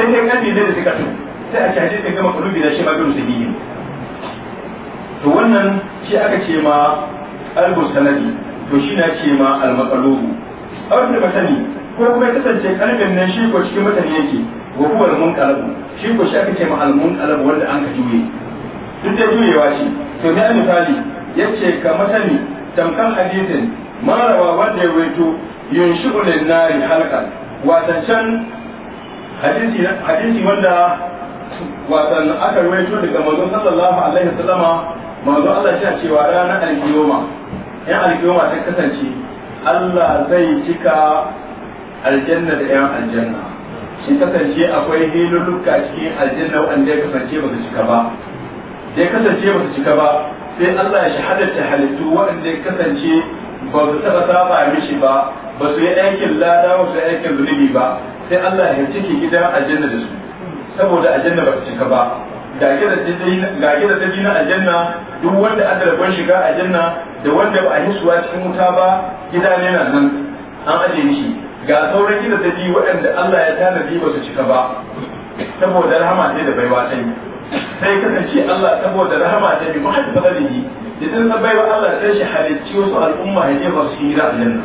sai kai kalbi ne da sikatun sai a ce hadisin gama karubi na shi ma garin sahihi to wannan shi aka ce ma albu sanadi to shi na ce ma A aw da masani ko kuma kasance kalmin nan shi ko cikin mutane yake wa huwa almunqalabu shi ko shi aka ce ma almunqalabu wanda an ka juye duk da juyewa shi to mai misali yace ka masani tamkan hadisin marawa wanda ya waito yunshibu lin nari halqan watan can hadisi hadisi wanda watan aka waito daga manzon sallallahu alaihi wasallama manzo Allah ya cewa ranar alkiyoma yan alkiyoma ta kasance Allah zai cika aljanna da yan aljanna shi kasance akwai hilulluka cikin aljanna wanda ya kasance ba su cika ba da ya kasance ba su cika ba sai Allah ya ta halittu wanda ya kasance ba su taɓa saba mishi ba ba su yi aikin lada ba su yi aikin zunubi ba sai Allah ya cike gidan aljanna da su saboda aljanna ba su cika ba ga gida ta na aljanna duk wanda aka rabon shiga aljanna da wanda ba a yi suwa cikin wuta ba gida ne na nan an aje shi ga sauran gida ta waɗanda Allah ya tanadi ba su cika ba saboda rahama ce da baiwa ta yi sai kasance Allah saboda rahama ta yi zai yi da tun da baiwa Allah ta shi halicci wasu al'umma ya je ba su a aljanna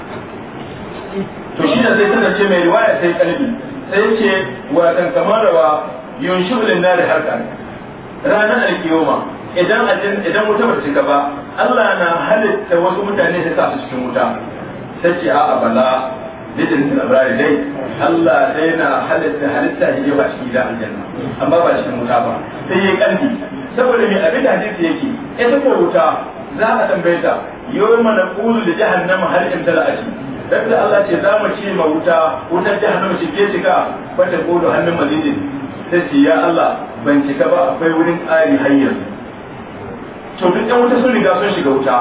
to shi da sai kasance mai riwaya sai kalbi sai ce wa tankamarawa yunshibulin nari harkar ranar alkiyoma idan idan wuta ba cika ba Allah na halitta wasu mutane su sa su cikin wuta sai a bala bidin da labari dai Allah dai na halitta halitta shi ba cikin da aljanna amma ba cikin wuta ba sai yayi kandi saboda me abin da hadisi yake ita ko wuta za a tambaye ta na naqulu da jahannama tala aji dan da Allah ce za mu ce ma wuta wutar jahannama shi ke cika ba ta qulu hannun mazidin ta ce ya Allah ban cika ba akwai wurin tsari har yanzu to duk ɗan wuta sun riga sun shiga wuta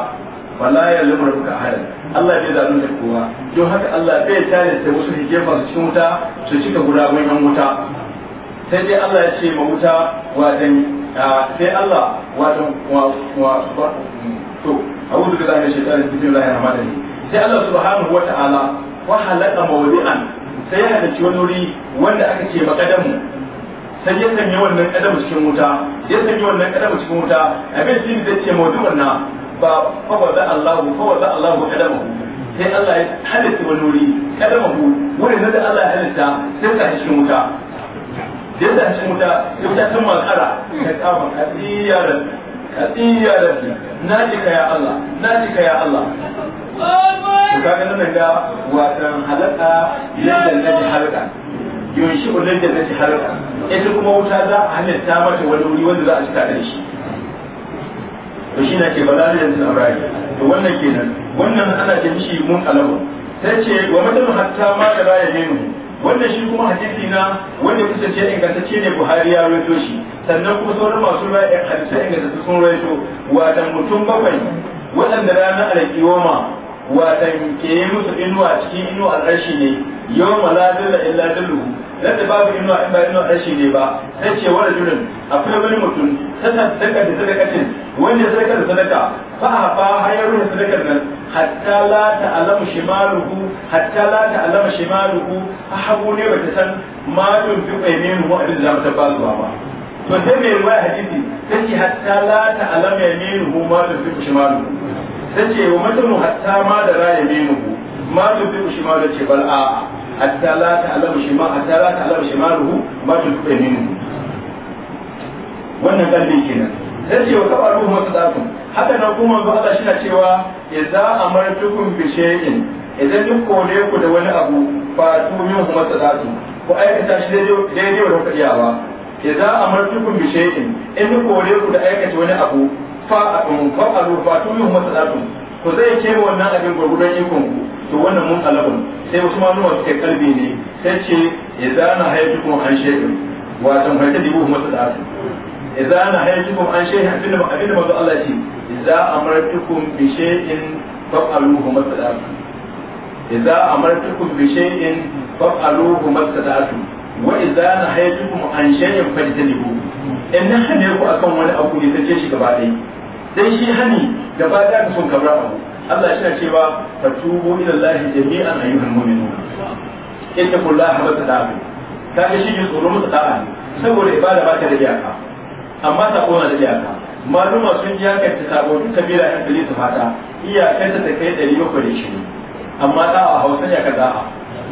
wala ya lamar muka halal Allah bai zalun da kowa don haka Allah bai tare da wasu hijefa su cikin wuta su cika guda mai yan wuta sai dai Allah ya ce ma wuta watan sai Allah watan wa to a'udhu billahi minash shaitani bismillahir rahmanir rahim sai Allah subhanahu wa ta'ala wa halaka mawdi'an sai ya da wani wuri wanda aka ce makadamu sai ya sanya wannan kadamu cikin wuta ya sanya wannan kadamu cikin wuta abin shi da ce mawdu'un na ba fawaza Allahu fa fawaza Allahu kadamu sai Allah ya halitta wani wuri ku, wurin da Allah ya halitta sai ka cikin wuta da yadda cikin wuta ya ta tun makara ka kama kadiyaran kadiyaran na jika ya Allah na jika ya Allah to kaga nan ga watan halaka yadda na ji halaka yunshi ulul jannati harqa ita kuma wuta za a halitta mata wani wuri wanda za a cika da shi to shi na ce ba za a yanzu abrari to wannan kenan wannan ana ce mishi mun alabu sai ce wa mata madan hatta ma da raya ne wannan shi kuma hadisi na wanda kusa ce ingantacce ne Buhari ya rawaito shi sannan kuma sauran masu raya hadisi ingantacce sun rawaito wa dan mutum bakwai waɗanda ranar alkiyoma watan ke yi musu inuwa cikin inuwa rashi ne yau maladilla illa dillu na da babu inuwa in ba inuwa rashi ne ba sai ce wani jurin akwai wani mutum ta sadaka da sadakacin wanda sadaka da sadaka fa a fa har ya rufe sadakar nan hatta la ta'lamu shimaluhu hatta la ta'lamu shimaluhu a hagu ne bata san ma tun fi qaymin mu abin da za ta basu ba to sai mai ruwa hadisi sai hatta la ta'lamu ne ma tun fi shimaluhu ta ce wa matanu hatta ma da raya minu ma tufi shi ma da ce bal a'a hatta la ta'lamu shi ma hatta la ta'lamu shi ma ruhu ma tufi minu wannan kalbi kenan ta ce wa kaba ruhu zafin haka nan kuma ba Allah shi na cewa za a martukun shay'in idan duk kone ku da wani abu fa tu kuma masalatun ku aikata shi daidai wa da ya za a amartukum bi shay'in in kone ku da aikata wani abu fa'atun fa'alu fa'atu yuhum masalatun ku zai ce wannan abin ikon ku to wannan mun talabun sai wasu kalbi ne sai ce idza na an shay'in wa tan hayatu idza na an shay'in Allah ce idza amartukum bi shay'in idza amartukum bi shay'in wa idza na an shay'in in na hane ku akan wani abu ne sai shi gaba ɗaya dan shi hani da fata da son kabra abu Allah shi na cewa fatubu ila Allah jami'an ayyuhal mu'minun inna kullaha wa tadabu ka ga shi tsoron mutada'a saboda ibada ba ta da iyaka amma sako na da iyaka maluma sun iyakance ta duk kabila yan fili su fata iyakanta ta kai ɗari bakwai da shi amma a hausa ya ka da'a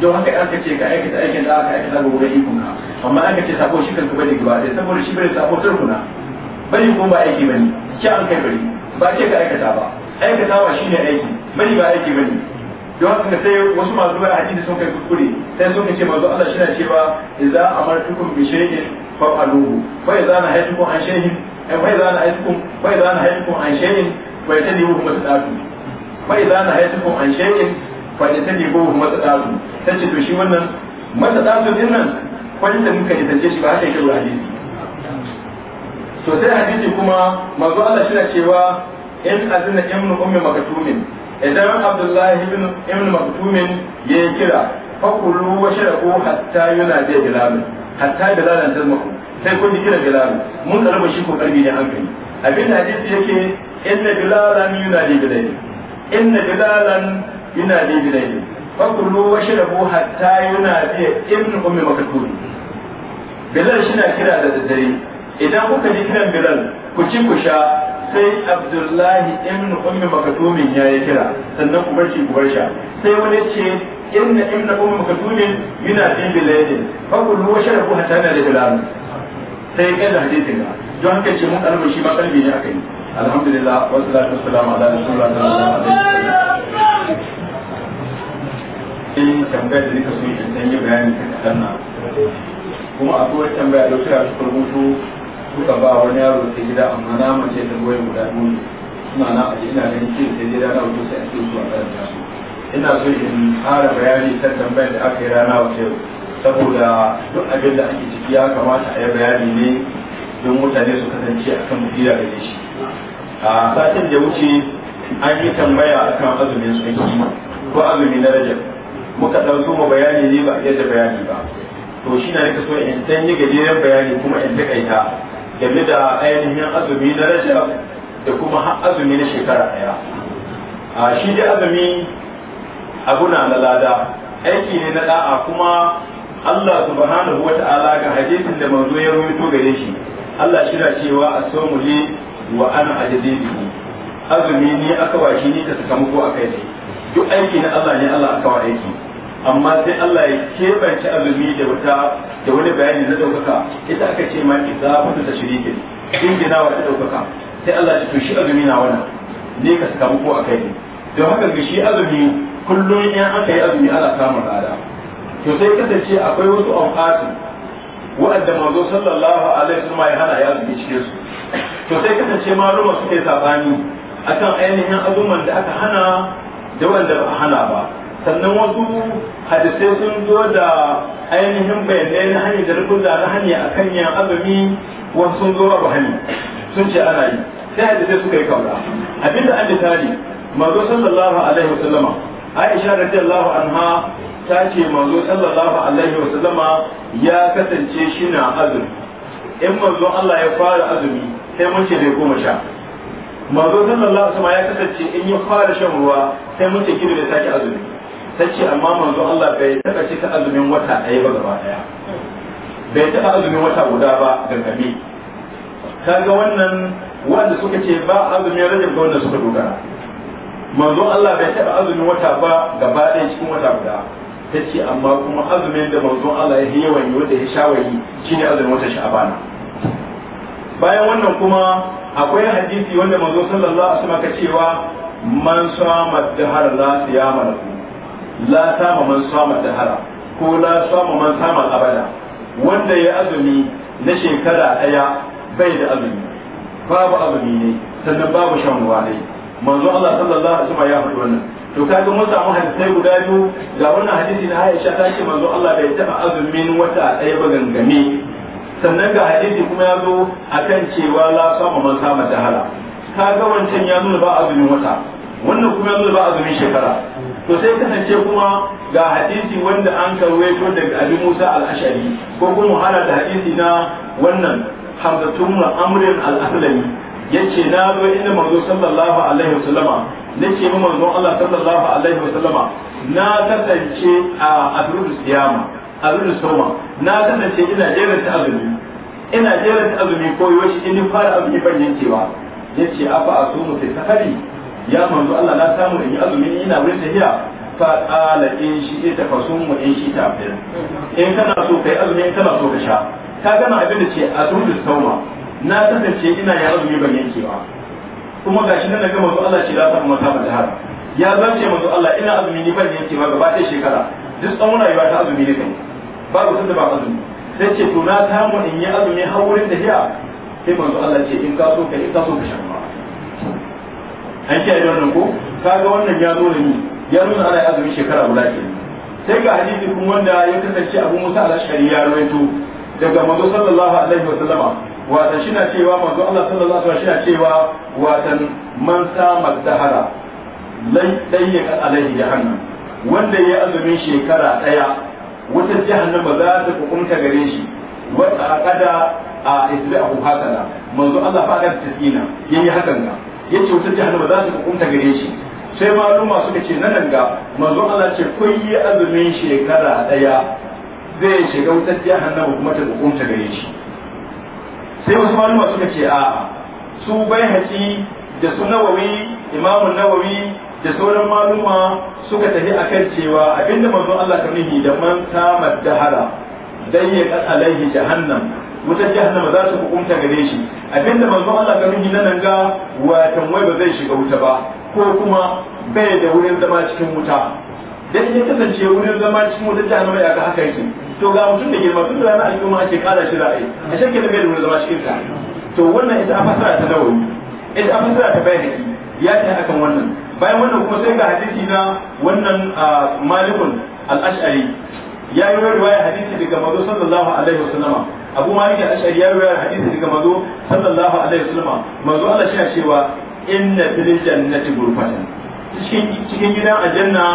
don haka an kace ka aikata aikin da aka aikata gobe ikon ka amma an kace sako shi kan kuma da gaba saboda shi bai sako turkuna bari kuma ba aiki bane ki an kai bari ba ce ka aikata ba aikata aikatawa shine aiki bari ba aiki bane don haka sai wasu masu bai hadisi sun kai kuskure sai sun ce manzo Allah shine cewa idza amartukum bi shay'in fa aluhu fa idza nahaytukum an shay'in fa eh, idza nahaytukum fa idza nahaytukum an shay'in fa yatadibuhu masdaqu fa idza nahaytukum an shay'in fa yatadibuhu sai ce to shi wannan masdaqu din nan kwanta muka yi tace shi ba haka yake hadisi to sai hadisi kuma manzo Allah shi cewa in azina ibnu ummi maktumin idan abdullahi ibn ibn maktumin ya kira kullu wa sharabu hatta yunadi bilal hatta bilal tazmaku sai kun ji kiran bilal mun karba shi ko karbi ne hankali abin hadisi yake inna bilalan yunadi bilal inna bilalan yunadi bilal kullu wa sharabu hatta yunadi ibn ummi maktumin bilal shi na kira da daddare idan kuka ji kiran bilal ku ci ku sha sai abdullahi ibn ummi makatumin ya yi kira sannan ku barci ku barsha sai wani ce inna ibn ummi makatumin yana fi bilalin fa kullu wa sharabu hatta na da bilal sai kai da hadisin ga don haka ce mun kalmar shi ma kalbi ne akai alhamdulillah wa salatu wassalamu ala rasulillah sallallahu alaihi wasallam sai tambayar da nika so yi dan yi bayani kan kuma akwai tambaya da wasu ya su rubutu suka ba wani yaro da gida amma na mace da goyon guda biyu suna na aje ina ganin ce da gida na wuce sai a ce su a karanta su ina so in fara bayani kan tambayar da aka yi rana wuce saboda duk abin da ake ciki ya kamata a yi bayani ne don mutane su kasance a kan mutila da shi a satin da wuce an yi tambaya a kan azumin tsaki ko azumi na rajab muka ɗauko zuma bayani ne ba a yadda bayani ba to shi na nika so in ɗan yi gajeren bayani kuma in taƙaita game da ainihin azumi na rajab da kuma azumi na shekara daya a shi dai azumi abuna na lada aiki ne na da'a kuma Allah subhanahu wa ta'ala ga hadisin da manzo ya rubuto gare shi Allah shira cewa a sawmu li wa ana ajdidi azumi ne aka washi ni ta sakamako akai ne duk aiki na Allah ne Allah aka wa aiki amma sai Allah ya kebance azumi da wata da wani bayani na ɗaukaka ita aka ce ma izafatu tashrikin dinginawa ta ɗaukaka sai Allah ya to shi azumi na wannan ne ka saka ko a ne don haka ga shi azumi kullum in aka yi azumi ana samun lada to sai kasance akwai wasu awqati wa'anda manzo sallallahu alaihi wasallam ya hana ya azumi cikin su to sai kasance maluma suke sabani akan ainihin azuman da aka hana da wanda ba a hana ba sannan wasu hadisai sun zo da ainihin bayanai na hanyar da rukun da na hanyar a kan yin azumi wasu sun zo rabu hanyar sun ce ana yi sai hadisai suka yi kaura abinda an tari mazo sallallahu alaihi wasallama aisha radiyallahu anha ta ce mazo sallallahu alaihi wasallama ya kasance shi na azumi in mazo Allah ya fara azumi sai mun ce bai goma sha mazo sallallahu alaihi wasallama ya kasance in ya fara shan ruwa sai mun ce kidu da sake azumi ta amma manzo Allah bai taɓa cika azumin wata ɗaya ba gaba ɗaya bai taɓa azumin wata guda ba gangami kaga wannan wanda suka ce ba azumin rajab ga wanda suka dogara manzo Allah bai taɓa azumin wata ba gaba ɗaya cikin wata guda ta amma kuma azumin da manzo Allah ya yi yawan yi wanda ya shawayi shine azumin wata sha'abana bayan wannan kuma akwai hadisi wanda manzo sallallahu alaihi wasallam ka cewa man sama dahar la siyama la sama man sama dahara ko la sama man sama abada wanda ya azumi na shekara daya bai da azumi babu azumi ne sannan babu shan ruwa ne manzo Allah sallallahu alaihi wasallam ya faɗi wannan to kaga mun samu hadisai guda biyu ga wannan hadisi na Aisha ta ce manzo Allah bai taɓa azumin wata ɗaya ba gangame sannan ga hadisi kuma ya zo akan cewa la sama man sama dahara kaga wancan ya nuna ba azumin wata wannan kuma ya nuna ba azumin shekara to sai kasance kuma ga hadisi wanda an karwaito daga abu musa al-ashari ko kuma hana da hadisi na wannan hamzatun amrin al-aslami yace na zo inda manzo sallallahu alaihi wasallama nake mu manzo Allah sallallahu alaihi wasallama na kasance a azrul siyama azrul sawma na kasance ina ta azumi ina ta azumi ko yoshi ni fara azumi ban yankewa yace afa asumu fi safari ya manzo Allah na samu in yi azumi ina wurin tahiya fa ala in shi ita fasum wa in shi ta afir in kana so kai azumi in kana so ka sha ka gama abin da ce a azumu sauma na kasance ina ya azumi ban yanke ba kuma gashi nan ga manzo Allah ce la ta kuma ta da haka ya zance manzo Allah ina azumi ni ban yanke ba gaba ɗaya shekara duk tsawon rayuwa ta azumi ne kai babu tunda ba azumi sai ce to na samu in yi azumi har wurin tahiya sai manzo Allah ce in ka so ka in ka so ka sha an ce nan ko kaga wannan ya zo da ni ya nuna ana zubi shekara guda ke sai ga hadisi kuma wanda ya kasance abu musa al-ashari ya rawaito daga manzo sallallahu alaihi wa sallama wata shina cewa manzo Allah sallallahu alaihi wa shina cewa wata man samar dahara lai dayyaka alaihi jahannam wanda ya azumin shekara daya wata ba za ta kukunta gare shi wata kada a isba'u hakana manzo Allah fa da ya yayi hakan ga ce wutar jahannama za su hukunta gare shi sai maluma suka ce nan ga manzo Allah ce kun yi azumin shekara daya zai shiga wutar jahannama kuma ta hukunta gare shi sai wasu maluma suka ce a su bai haƙi da su nawawi imamu nawawi da sauran maluma suka tafi akan cewa abinda manzon Allah ta nuhi da man samar dahara dan ya alaihi jahannam wutar jahannama za su hukunta gare shi abinda manzon Allah ka miji nan ga watan wai ba zai shiga wuta ba ko kuma bai da wurin zama cikin wuta dan ya kasance wurin zama cikin wutar jahannama ya ga haka yake to ga mutum da girma tun da ranar al'umma ake kada shi ra'ayi a shirkin da bai da wurin zama cikin ta to wannan ita a fasara ta dawo ita a fasara ta bayani ya ta akan wannan bayan wannan kuma sai ga hadisi na wannan ah, malikun al-ash'ari ya yi riwaya hadisi daga mazo sallallahu alaihi wasallama abu malik al-ashari ya yi riwaya hadisi daga mazo sallallahu alaihi wasallama mazo Allah shi cewa inna fil jannati ghurfatan cikin cikin gidan aljanna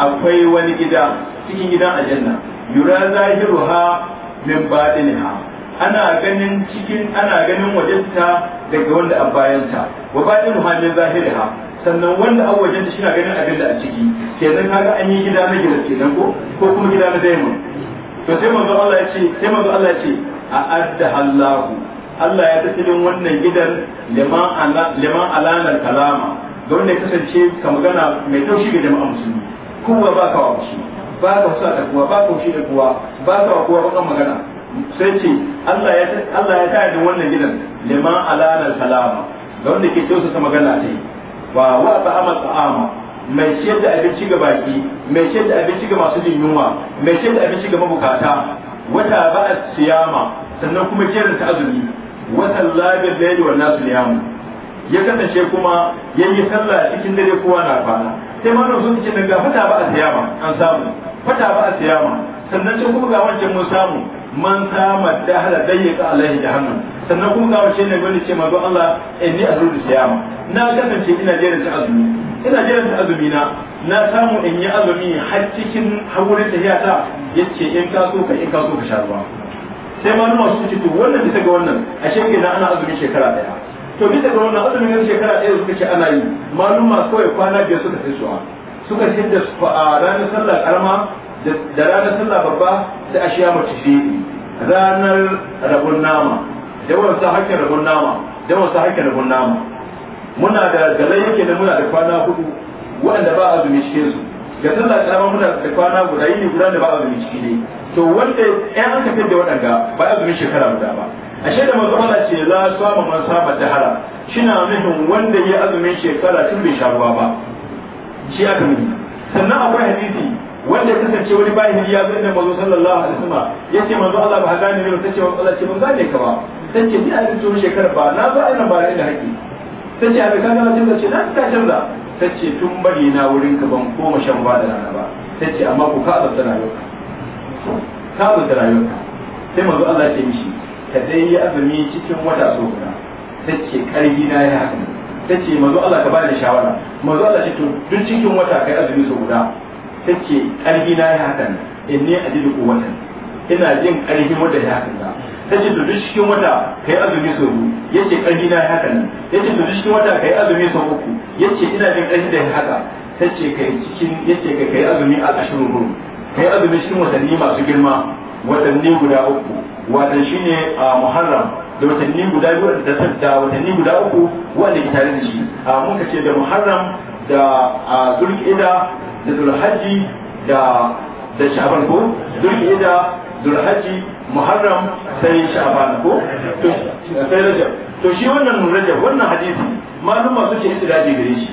akwai wani gida cikin gidan aljanna yura zahiruha min batiniha ana ganin cikin ana ganin wajenta daga wanda a bayanta wa batinuha min zahiriha sannan wanda an wajen da shi na ganin abin da a ciki kenan kaga an yi gida na gida kenan ko ko kuma gida na daima to sai manzo Allah ya ce sai manzo Allah ya ce a adda Allah Allah ya tafilin wannan gidan liman ala liman alanar kalama don ne kasance ka magana mai taushi ga jama'a musulmi kuwa ba ka wuce ba ka sa da kuwa ba ka wuce da kuwa ba ka wa ba magana sai ce Allah ya Allah ya tafi da wannan gidan liman alanar kalama don ne ke tausa magana ta Ba wa ta amsa ta'ama mai ciyar da abinci ga baki mai ciyar da abinci ga masu jin yunwa mai ciyar da abinci ga mabukata wata ba'a siyama sannan kuma jerin ta azumi wata labir da yadda wannan su niyamu ya kasance kuma ya yi sallah cikin dare kowa na kwana sai ma malam sun ce daga fata ba a siyama an samu fata ba a siyama sannan can kuma ga wancan mun samu man sama da hala dayyaka alaihi jahannam sannan kuma ga wace ne gwani ce don Allah inni eh, azumi siyama na kasance ina jerin ta azumi ina jerin ta azumi na na samu in yi azumi har cikin ta hiyata yace in ka so ka in ka so ka sha ruwa sai ma numa su to wannan bisa ga wannan a na ana azumi shekara daya to bisa ga wannan azumin shekara daya suka ce ana yi maluma kawai kwana biyar suka sai su'a suka ce da ranar sallah karama da ranar sallah babba sai a shiya mace ranar rabon nama yawan sa hakkin rabon nama yawan sa hakkin rabon nama muna da galai yake da muna da kwana hudu wanda ba zumi cikin su ga sallah karama muna da kwana guda yini guda da ba zumi ciki ne to wanda ɗan aka fi da waɗanda ba zumi shekara guda ba ashe da manzo ala ce la ba man sama jahara shina nufin wanda ya azumin shekara tun bai sha ruwa ba shi aka nuni sannan akwai hadisi wanda ya kasance wani bayan ya zo da manzo sallallahu alaihi wasallam ce manzo ala ba haɗa ne tace manzo ala ce ban gane ka ba ta ce ni a yi tsohon shekarar ba na ba ina ba ina haƙi ta ce abin kaga wajen da ce na ta canza ta ce tun bari na wurin ka ban koma shan ba da rana ba ta ce amma ku ka azabta rayuwarka ka azabta rayuwarka sai mazu Allah ce mishi ka dai yi azumi cikin wata so guda ta ce ƙarfi na ya haka ta ce mazu Allah ka bani shawara Mazu Allah ce to duk cikin wata kai azumi so guda ta ce ƙarfi na ya haka in ne a jiri ko watan ina jin ƙarfin wata ya haka ta ce duk cikin wata kai azumi sau biyu ya ce ƙarfi na haka nan ya ce duk cikin wata kai azumi sau uku ya ce ina jin ƙarfi da haka ta ce kai cikin ya ce kai azumi a ashirin Ka kai azumi cikin watanni masu girma watanni guda uku watan shine a muharram da watanni guda biyu da da watanni guda uku wanda ke tare da shi a muka ce da muharram da a da zulhajji da da sha'ban ko zulqa'da durhaji muharram sai sha'ban ko to sai rajab to shi wannan rajab wannan hadisi maluma su ce istiraji gare shi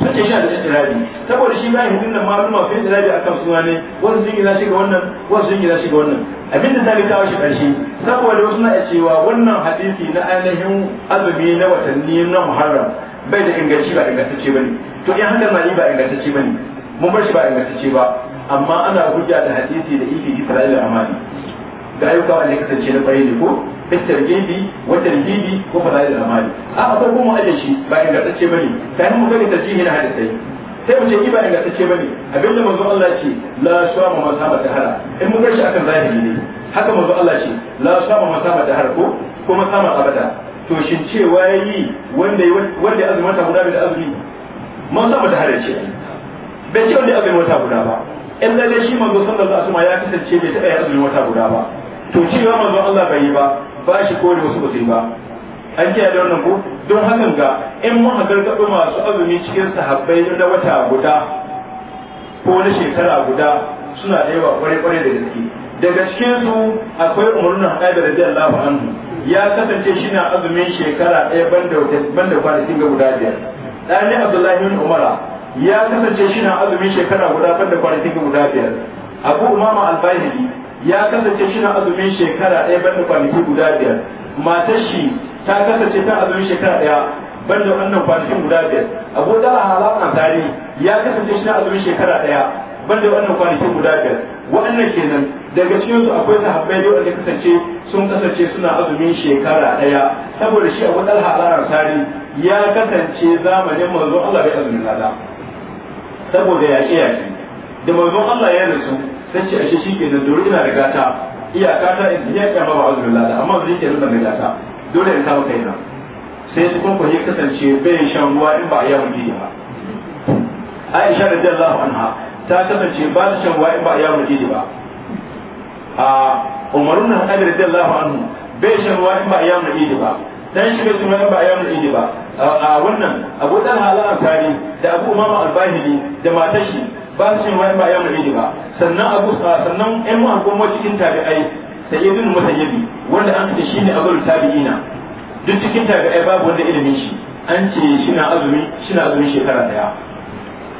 su ce shi da istiraji saboda shi bayan hidin nan maluma su istiraji akan suna ne wasu sun gina shi ga wannan wasu sun gina shi ga wannan abinda ta bi kawo shi karshe saboda wasu na cewa wannan hadisi na ainihin azumi na watanni na muharram bai da inganci ba ingantacce bane to in hankali ba ingantacce bane mun bar shi ba ingantacce ba amma ana hujja da hadisi da ifi isra'ila amali ga ayyuka ne kasance na bayi ne ko fitar gidi wata gidi ko fadail amali a a farko mu aje shi ba ingantacce bane kai mu gani tarjihi na hadisi sai mu ce ba ingantacce bane abinda manzo Allah ce la shama masaba tahara in mun gashi akan zahiri ne haka manzo Allah ce la shama masaba tahara ko ko sama abada to shin cewa yayi wanda wanda azumata guda da azumi masaba tahara ce bai ce wanda azumata guda ba in lalle shi manzo sallallahu alaihi wasallam ya kasance bai taɓa azumin wata guda ba to cewa manzo Allah bai yi ba ba shi kore wasu ba su yi ba an kiyaye da wannan ko don hakan ga in mun hakarkaɗo masu azumi cikin sahabbai na wata guda ko na shekara guda suna da yawa kwarai-kwarai da gaske daga cikin su akwai umarnin haɗa da radiyallahu anhu ya kasance shi na azumin shekara ɗaya banda kwanakin ga guda biyar ne abdullahi bin umara ya kasance shi na azumin shekara guda kan da kwanaki guda biyar abu umama albayhaqi ya kasance shi na azumin shekara ɗaya ban da kwanaki guda biyar matar shi ta kasance ta azumin shekara ɗaya ban da wannan kwanakin guda biyar abu da halalan tare ya kasance shi na azumin shekara ɗaya ban da wannan kwanakin guda biyar waɗannan kenan daga cikin su akwai sahabbai da wanda kasance sun kasance suna azumin shekara ɗaya saboda shi abu da halalan tare ya kasance zamanin manzo Allah bai azumin lada saboda yaƙe yaƙe da manzon Allah ya rasu sai ce ashe shike da dole ina da gata iyaka ta in ya kama ba azrul amma zai ke nuna mai gata dole in kama kaina sai su kuma ya kasance bai shan ruwa in ba a yawon jiya ba Aisha radiyallahu anha ta kasance ba ta shan ruwa in ba a yawon jiya ba a Umar ibn da radiyallahu anhu bai shan ruwa in ba a yawon jiya ba dan shi bai kuma ba yawon idi ba a wannan abu dan halan tari da abu umama albahili da matashi ba su yin wani ba yawon idi ba sannan abu sannan ɗan mu mu cikin tabi'ai sayyidun mutayyibi wanda an ce shine abul tabi'ina duk cikin tabi'ai babu wanda ilimin shi an ce shi na azumi shi na shekara daya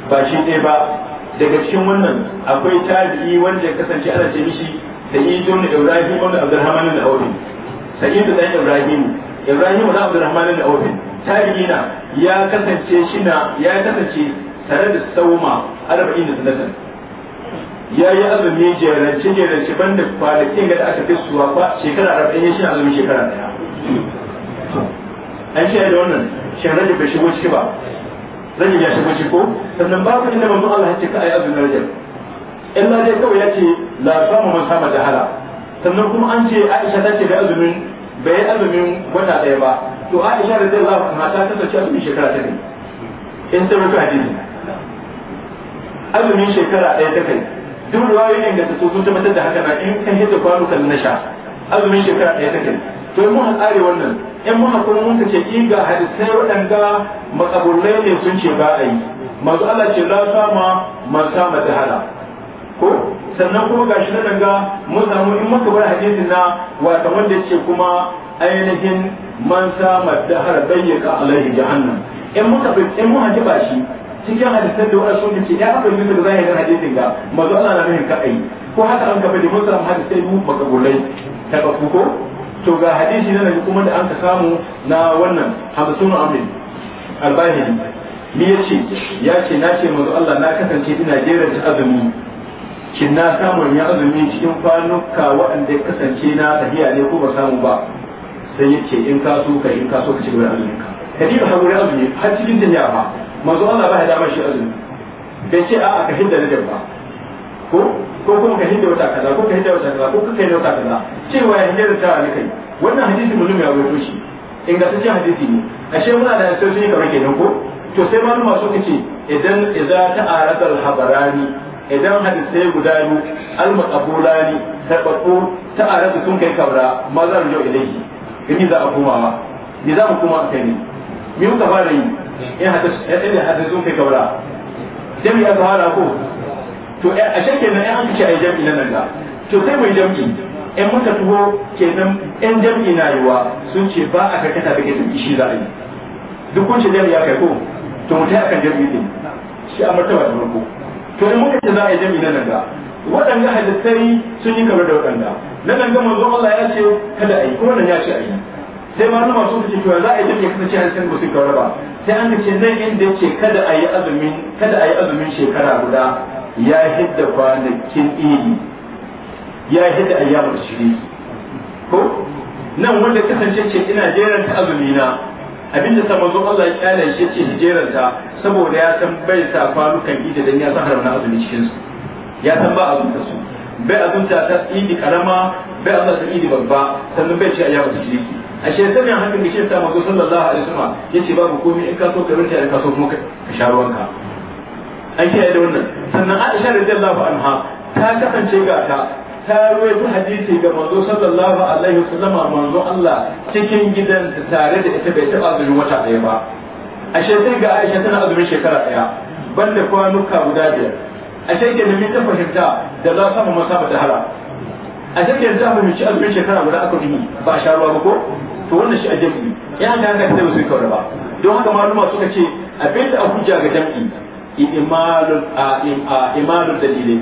ba shi ɗaya ba daga cikin wannan akwai tabi'i wanda ya kasance ana ce mishi sayyidun ibrahim wanda abdurrahman al awli sayyidun ibrahim Ibrahim na rahman da Awfi tarihina ya kasance na ya kasance tare da sauma 40 da ya yi azumi jerance jerance da kwanakin da aka fi suwa ba shekara 40 ya shi azumi shekara daya an shi da wannan shekarar da bai shigo ciki ba rajin ya shigo ciki ko sannan ba ku inda mamman Allah ce ka ayi azumin rajin illa dai kawai ya ce la samu man sama jahala sannan kuma an ce Aisha ta ce da azumin bai yi azumin wata ɗaya ba to aisha da zai lafa mata ta sace azumin shekara ta kai in ta rufe hadisi azumin shekara ɗaya ta kai duk ne inganta su sun tabbatar da haka na in kan hita kwano kan nasha. azumin shekara ɗaya ta kai to in mun tsare wannan in mun kuma mun ka ce ga hadisai waɗanda makabullai ne sun ce ba a yi masu Allah ce la sama man sama ta ko sannan kuma gashi na daga mun samu in muka bar hadisin na wata wanda ce kuma ainihin man sa da har bayyaka alaihi jahannam in muka in mun haji ba shi cikin hadisan da wasu sun ce ya aka yi da zahirin hadisin ga mazo Allah na nuhin kadai ko haka an gaba da mun samu hadisi mu baka gurai ta ku ko to ga hadisi na daga kuma da an ka samu na wannan hadisun amin albayhi ni yace yace nace na Allah na kasance ina jeranta azumi shin na samun ya azumi cikin kwanuka waɗanda kasance na tafiya ne ko ba samu ba sai ya ce in ka so ka in kaso ka cikin da azumin ka ka ka gurin azumi har cikin jinya ba mazu Allah ba ya dama shi azumi bai ce a'a ka hinda da ba ko ko kuma ka hinda wata kaza ko ka hinda wata kaza ko ka kai wata kaza cewa ya hinda da ta ne kai wannan hadisi muzum ya rawaito shi ingantaccen hadisi ne ashe muna da yi kamar kenan ko to sai malama so kace idan idza ta'arada al-habarani idan hadisai guda biyu al-maqbulani tabaqu ta arabu sun kai kabra ma za mu yau ilaihi gani za a komawa ni za mu koma kai Ni mi muka fara yi in hadisai sun kai kabra jami'a ta fara ko to eh, a shakke nan an kace ai jami'i nan ga to sai mu yi jami'i in muka tuho kenan yan jami'i na yiwa sun ce ba a karkata da gidan shi za a yi duk kun ce jami'a kai ko to mutai akan jami'i ne shi a martaba da farko to in muka ce za a yi jami'i na nanga, waɗanda halittari sun yi kamar da waɗanda na nanga ga Allah ya ce kada a yi kuma nan ya ce a yi sai ma nuna masu kace cewa za a yi jami'i kasance hadisan ba su kawar ba sai an kace nan inda ce kada a yi azumin kada a yi azumin shekara guda ya hidda kwanakin idi ya hidda ayyamar shiriki ko nan wanda kasance ce ina jeranta azumina abin da manzo Allah ya kyale shi ce ta saboda ya san bai sa kwanukan idi dan ya san haramna azumi cikin su ya san ba abun su bai azumta ta ta idi karama bai Allah ta idi babba sannan bai ci ayyamu ciki a shi sanin hakan da shi ta manzo sallallahu alaihi wasallam yace babu komai in ka so ka rinta in ka so kuma ka sha ruwanka an kiyaye da wannan sannan Aisha radiyallahu anha ta kasance ga ta ta ruwaito hadisi ga manzo sallallahu alaihi wasallam manzo Allah cikin gidan tare da ita bai taba azumin wata ɗaya ba ashe sai ga Aisha tana azumin shekara ɗaya banda kwanuka guda biyar ashe ke da ta fahimta da za samu masaba da hala ashe ke da mu ci azumin shekara guda aka yi ba sha ruwa ba ko to wannan shi ajabi ya ga ga sai su kaura ba don haka maluma suka ce da abuja ga jam'i imalul a imalul dalilai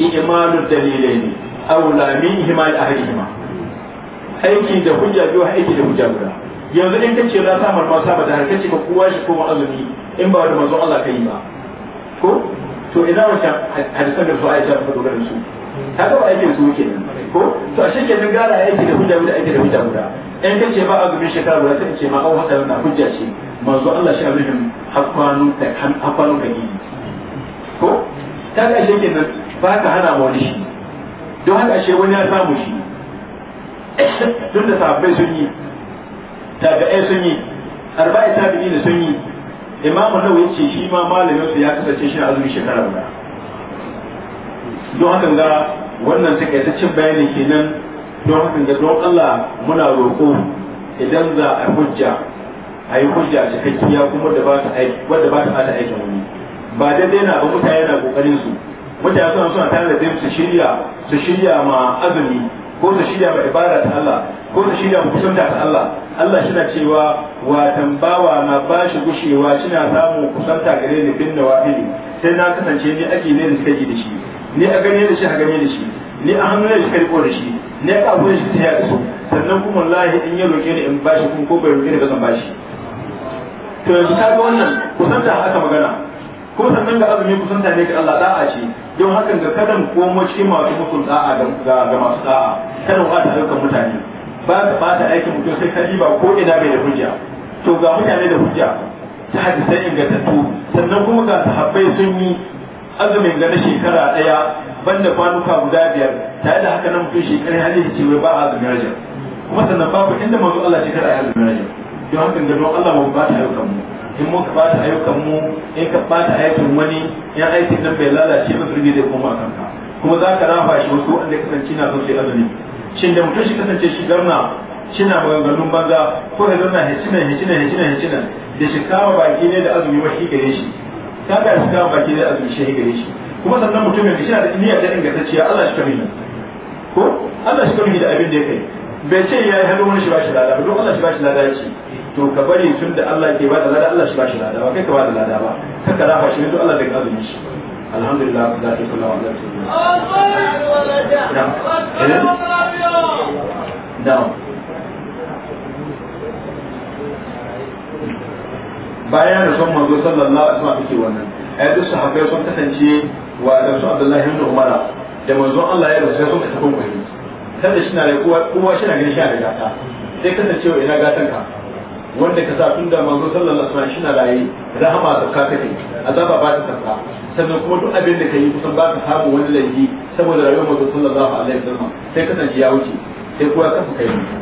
ne imalul dalilai ne aula minhima da ahlihima aiki da hujja biyu aiki da hujja guda yanzu in kace za ta ma saba da harkace ka kowa shi ko azumi in ba da manzo Allah kai ba ko to idan wancan hadisan da su aisha ta dogara da su kaga ba aikin su yake ko to a shirke din gara aiki da hujja guda aiki da hujja guda in kace ba azumi shekara guda sai ce ma au haka na hujja ce manzo Allah shi abin hakwanu da hakwanu gani ko kaga shirke nan ba ka hana mu wani shi don haka ashe wani ya samu shi tun da sahabbai sun yi tabi'ai sun yi arba'i tabi'i da sun yi imamu nawa yace shi ma malamin su ya kasance shi azumi shekara guda don hakan ga wannan takaitaccen bayani kenan don hakan ga don Allah muna roƙo idan za a hujja a yi hujja cikakkiya kuma da ba ta aiki wanda ba ta aikin wani ba daidai na ba mutane na kokarin su mutane suna suna tare da zai su shirya su shirya ma azumi ko su shirya ma ibada ta Allah ko su shirya ma kusanta ta Allah Allah shi na cewa wa tambawa na ba shi gushewa shi na samun kusanta gare ni bin da wahili sai na kasance ni ake ne da suka yi da shi ni a gane da shi a gane da shi ni a hannu da shi karko da shi ni a abu da shi ta yaƙi su sannan kuma lahi in ya roƙe ni in bashi kuma ko bai roƙe ni ba zan bashi to yanzu ta ga wannan kusanta haka magana ko sannan ga azumi kusanta ne ga Allah da'a ce don hakan ga kadan komo cikin masu mutum da'a ga masu da'a kada ba ta ayyukan mutane ba ka ba ta aikin mutum sai ka ba ko ina bai da hujja to ga mutane da hujja ta hadisai ingantattu sannan kuma ga sahabbai sun yi azumin ga na shekara daya banda kwanuka guda biyar tare da haka nan mutum shekarar hadisi ce wai ba a azumin rajin kuma sannan babu inda mazu Allah shekara ya azumin rajin don haka ga don Allah ba ta ayyukan mu in muka da ayyukan mu in ka da aikin wani in aiki nan bai lalace ba zunubi zai koma kanka kuma za ka rafa shi wasu wanda kasance na son sai azumi shin da mutum shi kasance shi garna shina maganganun banza ko ya zauna hicinan hicinan hicinan hicinan da shi kama baki ne da azumi shi gare shi ta ga shi kama baki ne da azumi shi gare shi kuma sannan mutumin shi na da niyya ta ciya Allah shi kamina ko Allah shi kamina da abin da ya kai bai ce ya yi hannu wani shi ba shi lada ba don Allah shi ba shi lada ya ce to ka bari tun da Allah ke bada lada Allah shi ba shi lada ba kai ka bada lada ba ka kara fa shi Allah zai ka shi alhamdulillah za ta kula wa da bayan da son manzo sallallahu alaihi wasallam take wannan ai duk sahabbai sun kasance wa da su Abdullahi ibn Umar da manzo Allah ya rasu sun kasance kun kwaye shi na da shi na ganin shi a gata sai kasancewa ina gatan ka wanda ka sa tun da manzo sallallahu alaihi wasallam shi na raye rahama ka take azaba ba ta zakka sannan kuma duk abin da ka yi kusan ba ka samu wani laifi saboda rayuwar manzo sallallahu alaihi wasallam sai ka kasance ya wuce sai kuwa kanka kai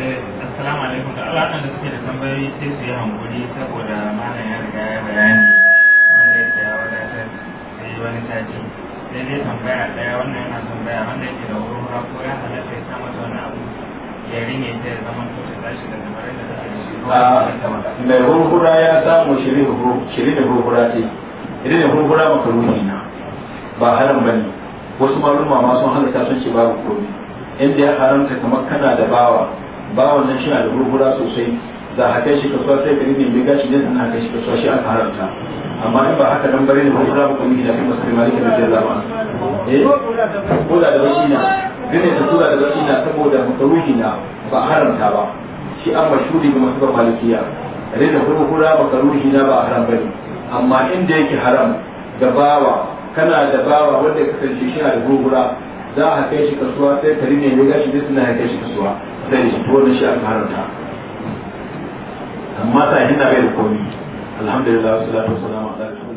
Thank you. Assalamu alaikum da Allah da suke da tambayoyi sai su yi hankuri saboda malam ya riga ya bayani wanda ya ce ya wadatar sai wani sati sai dai tambaya daya wannan yana tambaya wanda yake da wurin ra ko ya halatta ya samu da wani abu ya rinye ta ya zama ko ta tashi da kamar da ta shi ah, mai hurhura ya samu shiri da hurhura ce shiri da hurhura makaruni na ba haram bane wasu maluma ma sun halatta sun ce babu komai inda ya haramta kamar kana da bawa ba wannan shi da gurgura sosai za a kai shi kasuwa sai ka rufe mai gashi dan ana kai shi kasuwa shi an haramta amma in ba haka nan bare ne gurgura ba kuma da kuma sai malikin da zai zama eh ko da da wasu na dole ta da wasu na saboda makaruhi na ba a haramta ba shi an mashuri ga masu malikiya rena gurgura makaruhi na ba a haram ne amma inda yake haram da bawa kana da bawa wanda kasance shi na da gurgura za a kai shi kasuwa sai kari ne ya gashi duk suna kai shi kasuwa sai shi tuwo da shi aka haramta amma sahihin hinna bai da komi alhamdulillah wasu salatu wasu salamu ala